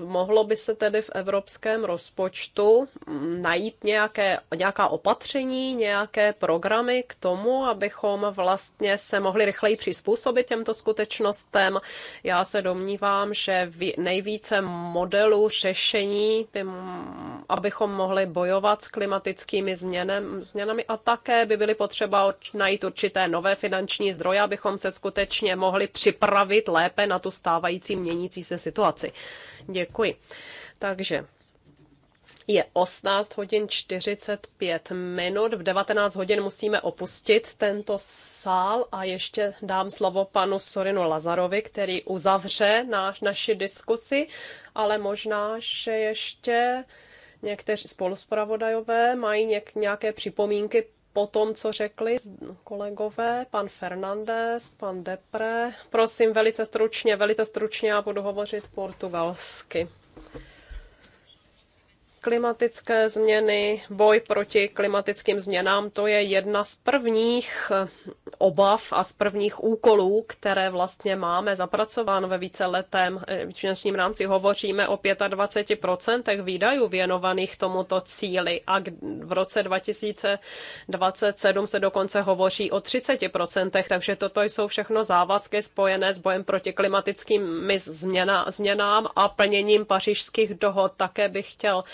Mohlo by se tedy v evropském rozpočtu mm, najít nějaké, nějaká opatření, nějaké programy k tomu, abychom vlastně se mohli rychleji přizpůsobit těmto skutečnostem. Já se domnívám, že nejvíce modelů řešení, by, abychom mohli bojovat s klimatickými změnem, změnami a také by byly potřeba najít určité nové finanční zdroje, abychom se skutečně mohli připravit lépe na tu stávající měnící se situaci. Děkuji. Takže je 18 hodin 45 minut. V 19 hodin musíme opustit tento sál a ještě dám slovo panu Sorinu Lazarovi, který uzavře náš, naši diskusi, ale možná, že ještě někteří spoluspravodajové mají nějaké připomínky po tom, co řekli kolegové, pan Fernandez, pan Depre. Prosím, velice stručně, velice stručně, já budu hovořit portugalsky. Klimatické změny, boj proti klimatickým změnám, to je jedna z prvních eh, obav a z prvních úkolů, které vlastně máme zapracováno ve víceletém eh, finančním rámci. Hovoříme o 25% výdajů věnovaných tomuto cíli a v roce 2027 se dokonce hovoří o 30%, takže toto jsou všechno závazky spojené s bojem proti klimatickým změnám a plněním pařížských dohod. Také bych chtěl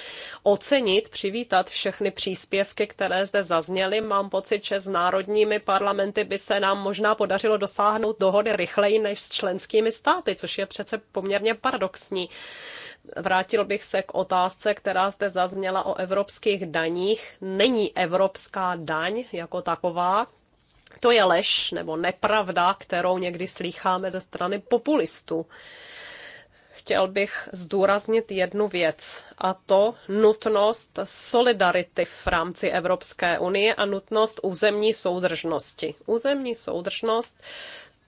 ocenit, přivítat všechny příspěvky, které zde zazněly. Mám pocit, že s národními parlamenty by se nám možná podařilo dosáhnout dohody rychleji než s členskými státy, což je přece poměrně paradoxní. Vrátil bych se k otázce, která zde zazněla o evropských daních. Není evropská daň jako taková, to je lež nebo nepravda, kterou někdy slýcháme ze strany populistů chtěl bych zdůraznit jednu věc, a to nutnost solidarity v rámci Evropské unie a nutnost územní soudržnosti. Územní soudržnost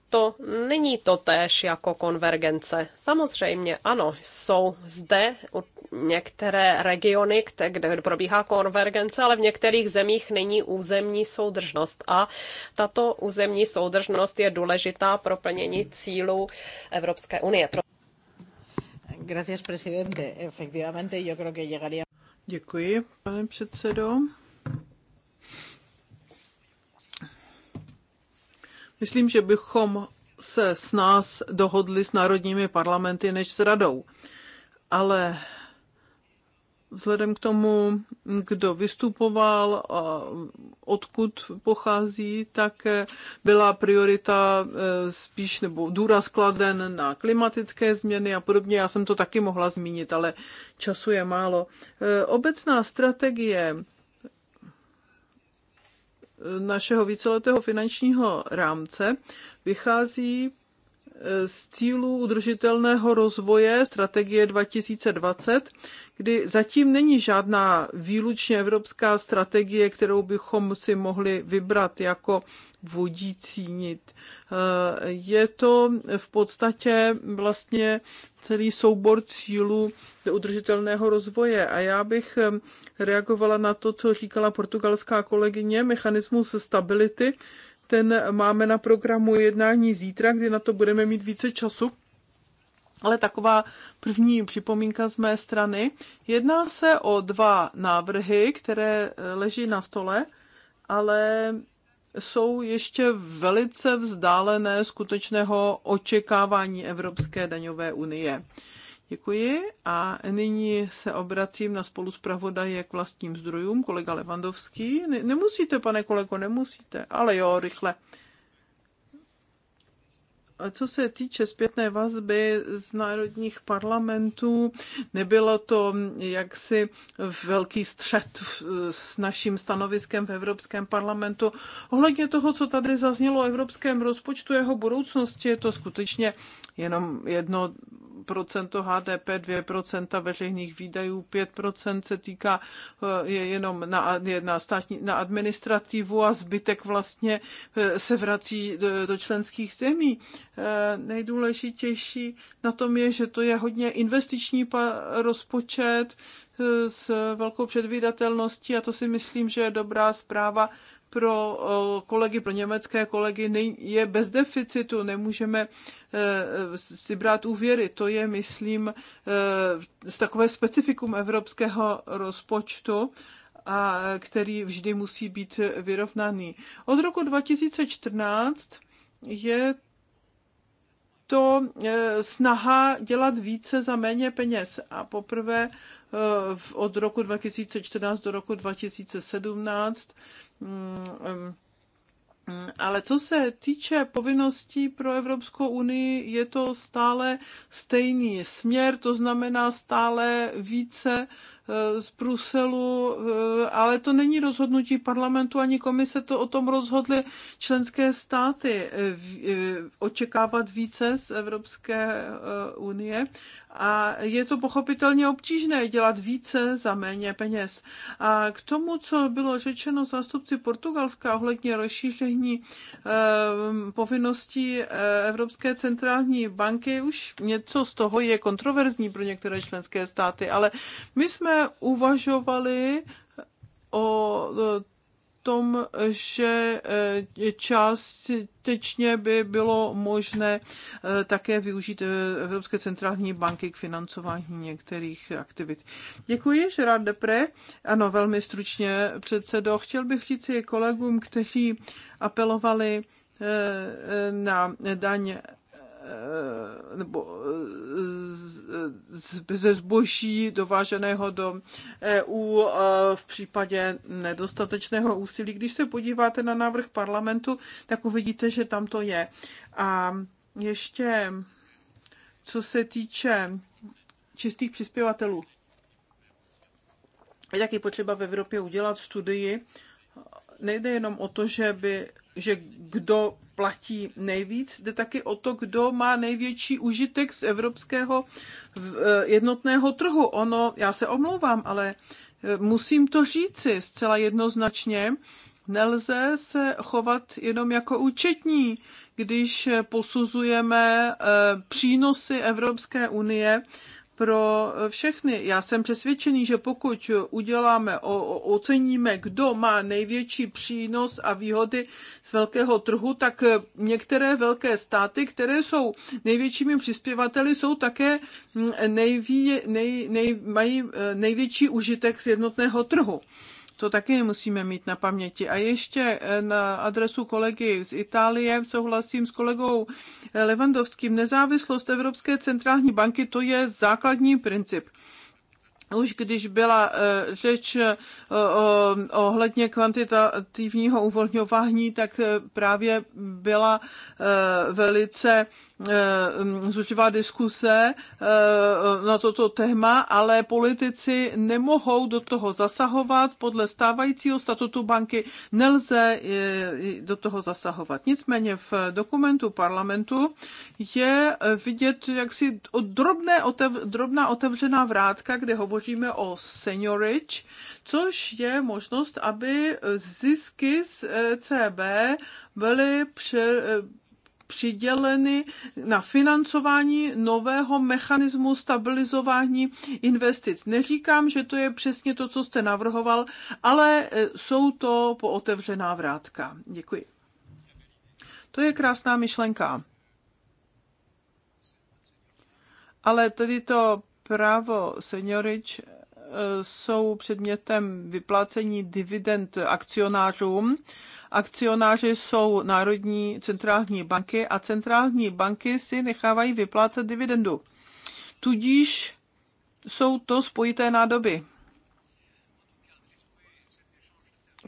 to není to též jako konvergence. Samozřejmě, ano, jsou zde některé regiony, kde probíhá konvergence, ale v některých zemích není územní soudržnost. A tato územní soudržnost je důležitá pro plnění cílů Evropské unie. Gracias, presidente. Efectivamente, yo creo que llegaría. Děkuji, pane předsedo. Myslím, že bychom se s nás dohodli s národními parlamenty než s radou. Ale vzhledem k tomu, kdo vystupoval a odkud pochází, tak eh, byla priorita eh, spíš nebo důraz kladen na klimatické změny a podobně. Já jsem to taky mohla zmínit, ale času je málo. Eh, obecná strategie našeho víceletého finančního rámce vychází z cílů udržitelného rozvoje strategie 2020, kdy zatím není žádná výlučně evropská strategie, kterou bychom si mohli vybrat jako vodící nit. Eh, je to v podstatě vlastně celý soubor cílů udržitelného rozvoje. A já bych eh, reagovala na to, co říkala portugalská kolegyně, mechanismus stability ten máme na programu jednání zítra, kdy na to budeme mít více času. Ale taková první připomínka z mé strany. Jedná se o dva návrhy, které leží na stole, ale jsou ještě velice vzdálené skutečného očekávání Evropské daňové unie. Děkuji a nyní se obracím na spoluspravodaje k vlastním zdrojům, kolega Levandovský. Ne, nemusíte, pane kolego, nemusíte, ale jo, rychle co se týče zpětné vazby z národních parlamentů, nebylo to jaksi velký střet s naším stanoviskem v Evropském parlamentu. Ohledně toho, co tady zaznělo o evropském rozpočtu, jeho budoucnosti, je to skutečně jenom jedno procento HDP, 2% veřejných výdajů, 5% se týká eh, je jenom na, je na, státní, na administrativu a zbytek vlastně eh, se vrací do, do členských zemí Eh, nejdůležitější na tom je, že to je hodně investiční rozpočet eh, s velkou předvídatelností a to si myslím, že je dobrá zpráva pro eh, kolegy, pro německé kolegy je bez deficitu, nemůžeme si brát úvěry. To je, myslím, z takové specifikum evropského rozpočtu a který vždy musí být vyrovnaný. Od roku 2014 je to eh, snaha dělat více za méně peněz. A poprvé eh, od roku 2014 do roku 2017 mm, mm, ale co se týče povinností pro Evropskou unii, je to stále stejný směr, to znamená stále více Eh, z Bruselu, eh, ale to není rozhodnutí parlamentu ani komise, to o tom rozhodly členské státy eh, očekávat více z Evropské unie. A je to pochopitelně obtížné dělat více za méně peněz. A k tomu, co bylo řečeno zástupci Portugalska ohledně rozšíření povinností Evropské centrální banky, už něco z toho je kontroverzní pro některé členské státy, ale my jsme jsme uvažovali o tom, že e, částečně by bylo možné e, také využít e, Evropské centrální banky k financování některých aktivit. Děkuji, Gerard Depre. Ano, velmi stručně, předsedo. Chtěl bych říct i kolegům, kteří apelovali na daň Eh, nebo eh, ze zboží dováženého do EU eh, v případě nedostatečného úsilí. Když se podíváte na návrh parlamentu, tak uvidíte, že tam to je. A ještě co se týče čistých přispěvatelů, je taky potřeba v Evropě udělat studii. Nejde jenom o to, že by že kdo platí nejvíc. Jde taky o to, kdo má největší užitek z evropského eh, jednotného trhu. Ono, já se omlouvám, ale eh, musím to říci zcela jednoznačně, nelze se chovat jenom jako účetní, když posuzujeme eh, přínosy Evropské unie pro všechny. Já jsem přesvědčený, že pokud uděláme, o, oceníme, kdo má největší přínos a výhody z velkého trhu, tak některé velké státy, které jsou největšími přispěvateli, jsou také mm, nejví, nej, nej, mají eh, největší užitek z jednotného trhu to taky musíme mít na paměti. A ještě eh, na adresu kolegy z Itálie souhlasím s kolegou eh, Levandovským. Nezávislost Evropské centrální banky to je základní princip už když byla eh, řeč ohledně kvantitativního uvolňování, tak právě byla velice Eh, mm, zuživá diskuse eh, na toto téma, ale politici nemohou do toho zasahovat. Podle stávajícího statutu banky nelze eh, do toho zasahovat. Nicméně v dokumentu parlamentu je vidět jaksi drobné, otev, drobná otevřená vrátka, kde hovoříme o seniorage, což je možnost, aby zisky z ECB byly pře, přiděleny na financování nového mechanismu stabilizování investic. Neříkám, že to je přesně to, co jste navrhoval, ale e, jsou to pootevřená vrátka. Děkuji. To je krásná myšlenka. Ale tady to právo seniorič e, jsou předmětem vyplácení dividend akcionářům akcionáři jsou národní centrální banky a centrální banky si nechávají vyplácet dividendu. Tudíž jsou to spojité nádoby.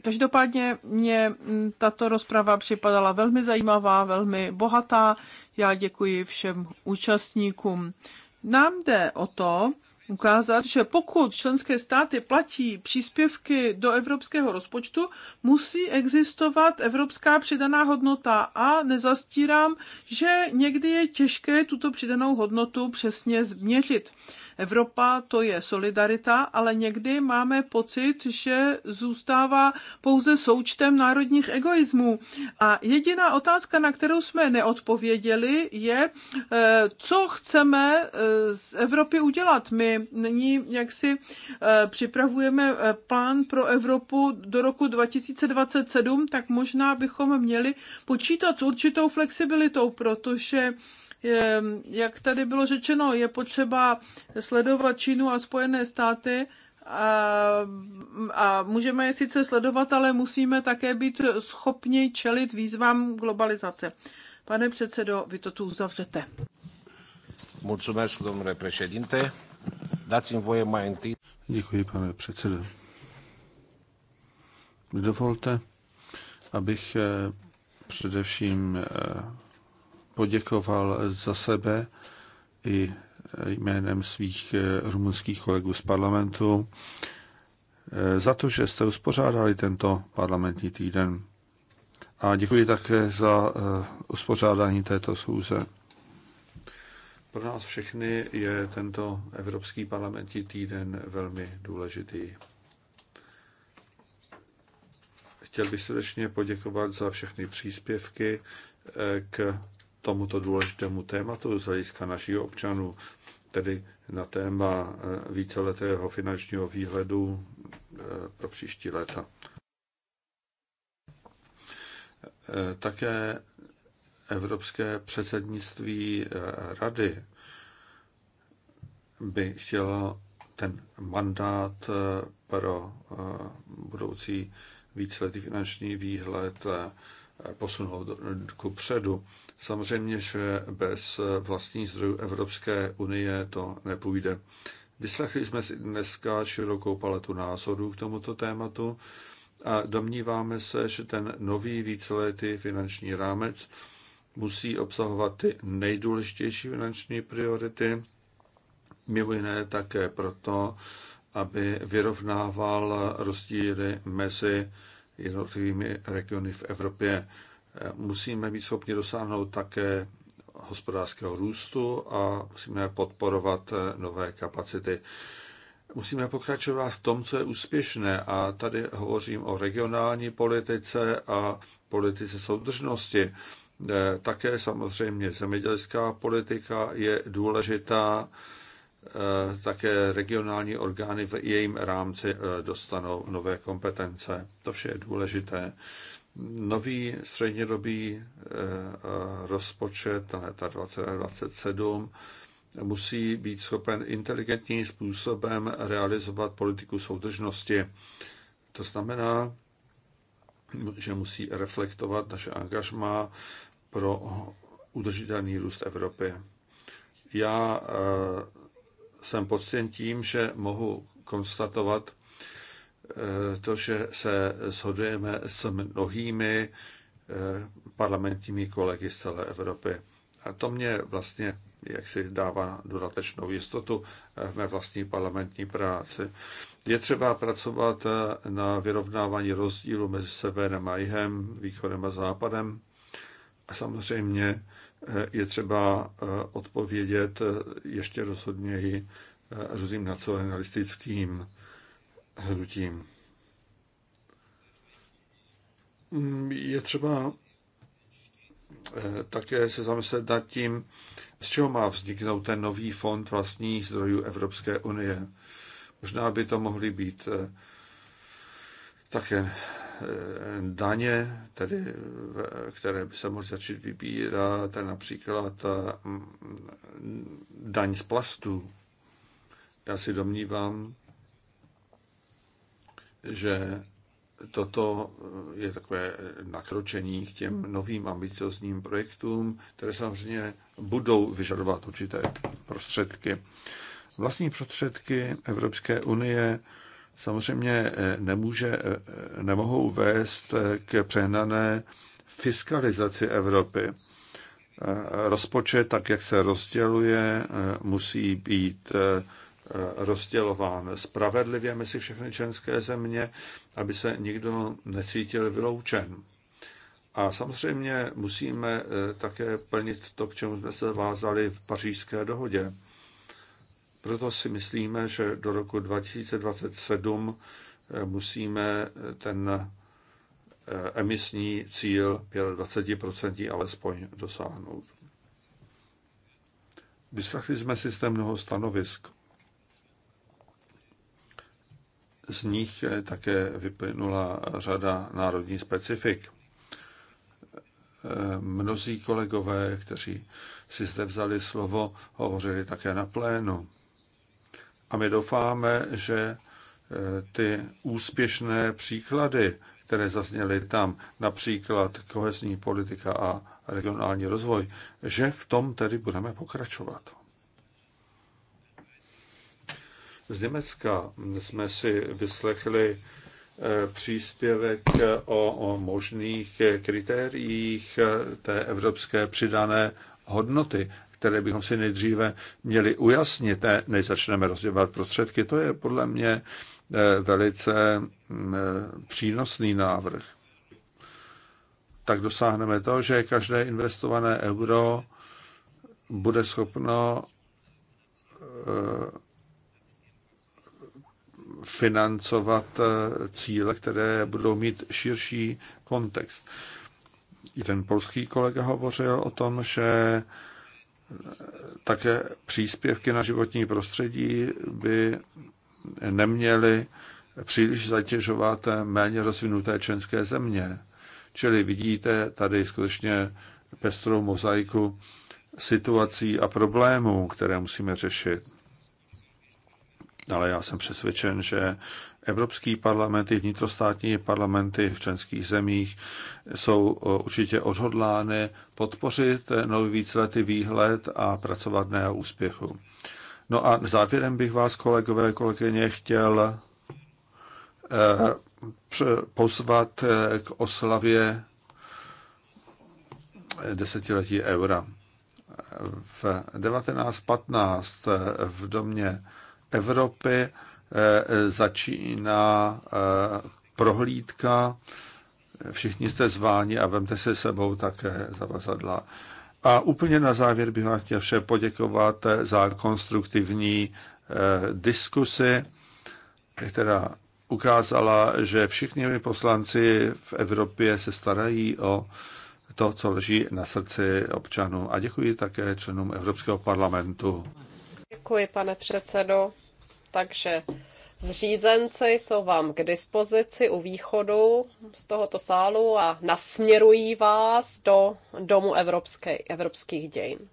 Každopádně mě tato rozprava připadala velmi zajímavá, velmi bohatá. Já děkuji všem účastníkům. Nám jde o to, ukázat, že pokud členské státy platí příspěvky do evropského rozpočtu, musí existovat evropská přidaná hodnota a nezastírám, že někdy je těžké tuto přidanou hodnotu přesně změřit. Evropa to je solidarita, ale někdy máme pocit, že zůstává pouze součtem národních egoismů. A jediná otázka, na kterou jsme neodpověděli, je, eh, co chceme eh, z Evropy udělat. My nyní jaksi eh, připravujeme plán pro Evropu do roku 2027, tak možná bychom měli počítat s určitou flexibilitou, protože Ehm, jak tady bylo řečeno, je potřeba sledovat Čínu a Spojené státy, a, a můžeme je sice sledovat, ale musíme také být schopni čelit výzvám globalizace. Pane předsedo, vy to tu uzavřete. Děkuji, pane předsedo. Dovolte, abych eh, především eh, poděkoval za sebe i jménem svých eh, rumunských kolegů z parlamentu eh, za to, že jste uspořádali tento parlamentní týden. A děkuji také za eh, uspořádání této schůze. Pro nás všechny je tento Evropský parlamentní týden velmi důležitý. Chtěl bych srdečně poděkovat za všechny příspěvky k tomuto důležitému tématu z hlediska našich občanů, tedy na téma eh, víceletého finančního výhledu eh, pro příští léta. Eh, také evropské předsednictví rady by chtělo ten mandát pro budoucí víceletý finanční výhled posunout ku předu. Samozřejmě, že bez vlastních zdrojů Evropské unie to nepůjde. Vyslechli jsme si dneska širokou paletu názorů k tomuto tématu a domníváme se, že ten nový víceletý finanční rámec musí obsahovat ty nejdůležitější finanční priority, mimo jiné také proto, aby vyrovnával rozdíly mezi jednotlivými regiony v Evropě. Musíme být schopni dosáhnout také hospodářského růstu a musíme podporovat nové kapacity. Musíme pokračovat v tom, co je úspěšné a tady hovořím o regionální politice a politice soudržnosti. Také samozřejmě zemědělská politika je důležitá Eh, také regionální orgány v jejím rámci eh, dostanou nové kompetence. To vše je důležité. Nový střednědobý eh, rozpočet, ta 2027, musí být schopen inteligentním způsobem realizovat politiku soudržnosti. To znamená, že musí reflektovat naše angažma pro udržitelný růst Evropy. Já jsem poctěn tím, že mohu konstatovat eh, to, že se shodujeme s mnohými eh, parlamentními kolegy z celé Evropy. A to mě vlastně jak si dává dodatečnou jistotu v eh, mé vlastní parlamentní práci. Je třeba pracovat na vyrovnávání rozdílu mezi severem a jihem, východem a západem. A samozřejmě je třeba eh, odpovědět eh, ještě rozhodněji eh, různým nacionalistickým hnutím. Mm, je třeba také se zamyslet nad tím, z čeho má vzniknout ten nový fond vlastních zdrojů Evropské unie. Možná by to mohly být také daně, tedy, které by se mohly začít vybírat, například eh, daň z plastu. Já si domnívám, že toto je takové nakročení k těm novým ambiciozním projektům, které samozřejmě budou vyžadovat určité prostředky. Vlastní prostředky Evropské unie samozřejmě eh, nemůže, eh, eh, nemohou vést k přehnané fiskalizaci Evropy. Rozpočet, tak jak se rozděluje, musí být rozdělován spravedlivě mezi všechny členské země, aby se nikdo necítil vyloučen. A samozřejmě musíme také plnit to, k čemu jsme se vázali v pařížské dohodě. Proto si myslíme, že do roku 2027 eh, musíme eh, ten eh, emisní cíl 25% alespoň dosáhnout. Vyslechli jsme systém mnoho stanovisk. Z nich také vyplynula řada národních specifik. Mnozí kolegové, kteří si zde vzali slovo, hovořili také na plénu. A my doufáme, že e, ty úspěšné příklady, které zazněly tam, například kohezní politika a regionální rozvoj, že v tom tedy budeme pokračovat. Z Německa jsme si vyslechli e, příspěvek o, možných kritériích e, té evropské přidané hodnoty které bychom si nejdříve měli ujasnit, než začneme rozdělovat prostředky. To je podle mě eh, velice mm, eh, přínosný návrh. Tak dosáhneme to, že každé investované euro bude schopno eh, financovat cíle, které budou mít širší kontext. I ten polský kolega hovořil o tom, že také příspěvky na životní prostředí by neměly příliš zatěžovat méně rozvinuté členské země. Čili vidíte tady skutečně pestrou mozaiku situací a problémů, které musíme řešit. Ale já jsem přesvědčen, že Evropský parlament i vnitrostátní parlamenty v členských zemích jsou eh, určitě odhodlány podpořit eh, nový víceletý výhled a pracovat na úspěchu. No a závěrem bych vás, kolegové, kolegyně, chtěl eh, pozvat k oslavě desetiletí eura. V 1915 v domě Evropy Eh, začíná eh, prohlídka. Všichni jste zváni a vemte se sebou také zavazadla. A úplně na závěr bych vám chtěl vše poděkovat za konstruktivní eh, diskusy, která ukázala, že všichni poslanci v Evropě se starají o to, co leží na srdci občanů. A děkuji také členům Evropského parlamentu. Děkuji, pane předsedo. Takže zřízenci jsou vám k dispozici u východu z tohoto sálu a nasměrují vás do Domu evropské, evropských dějin.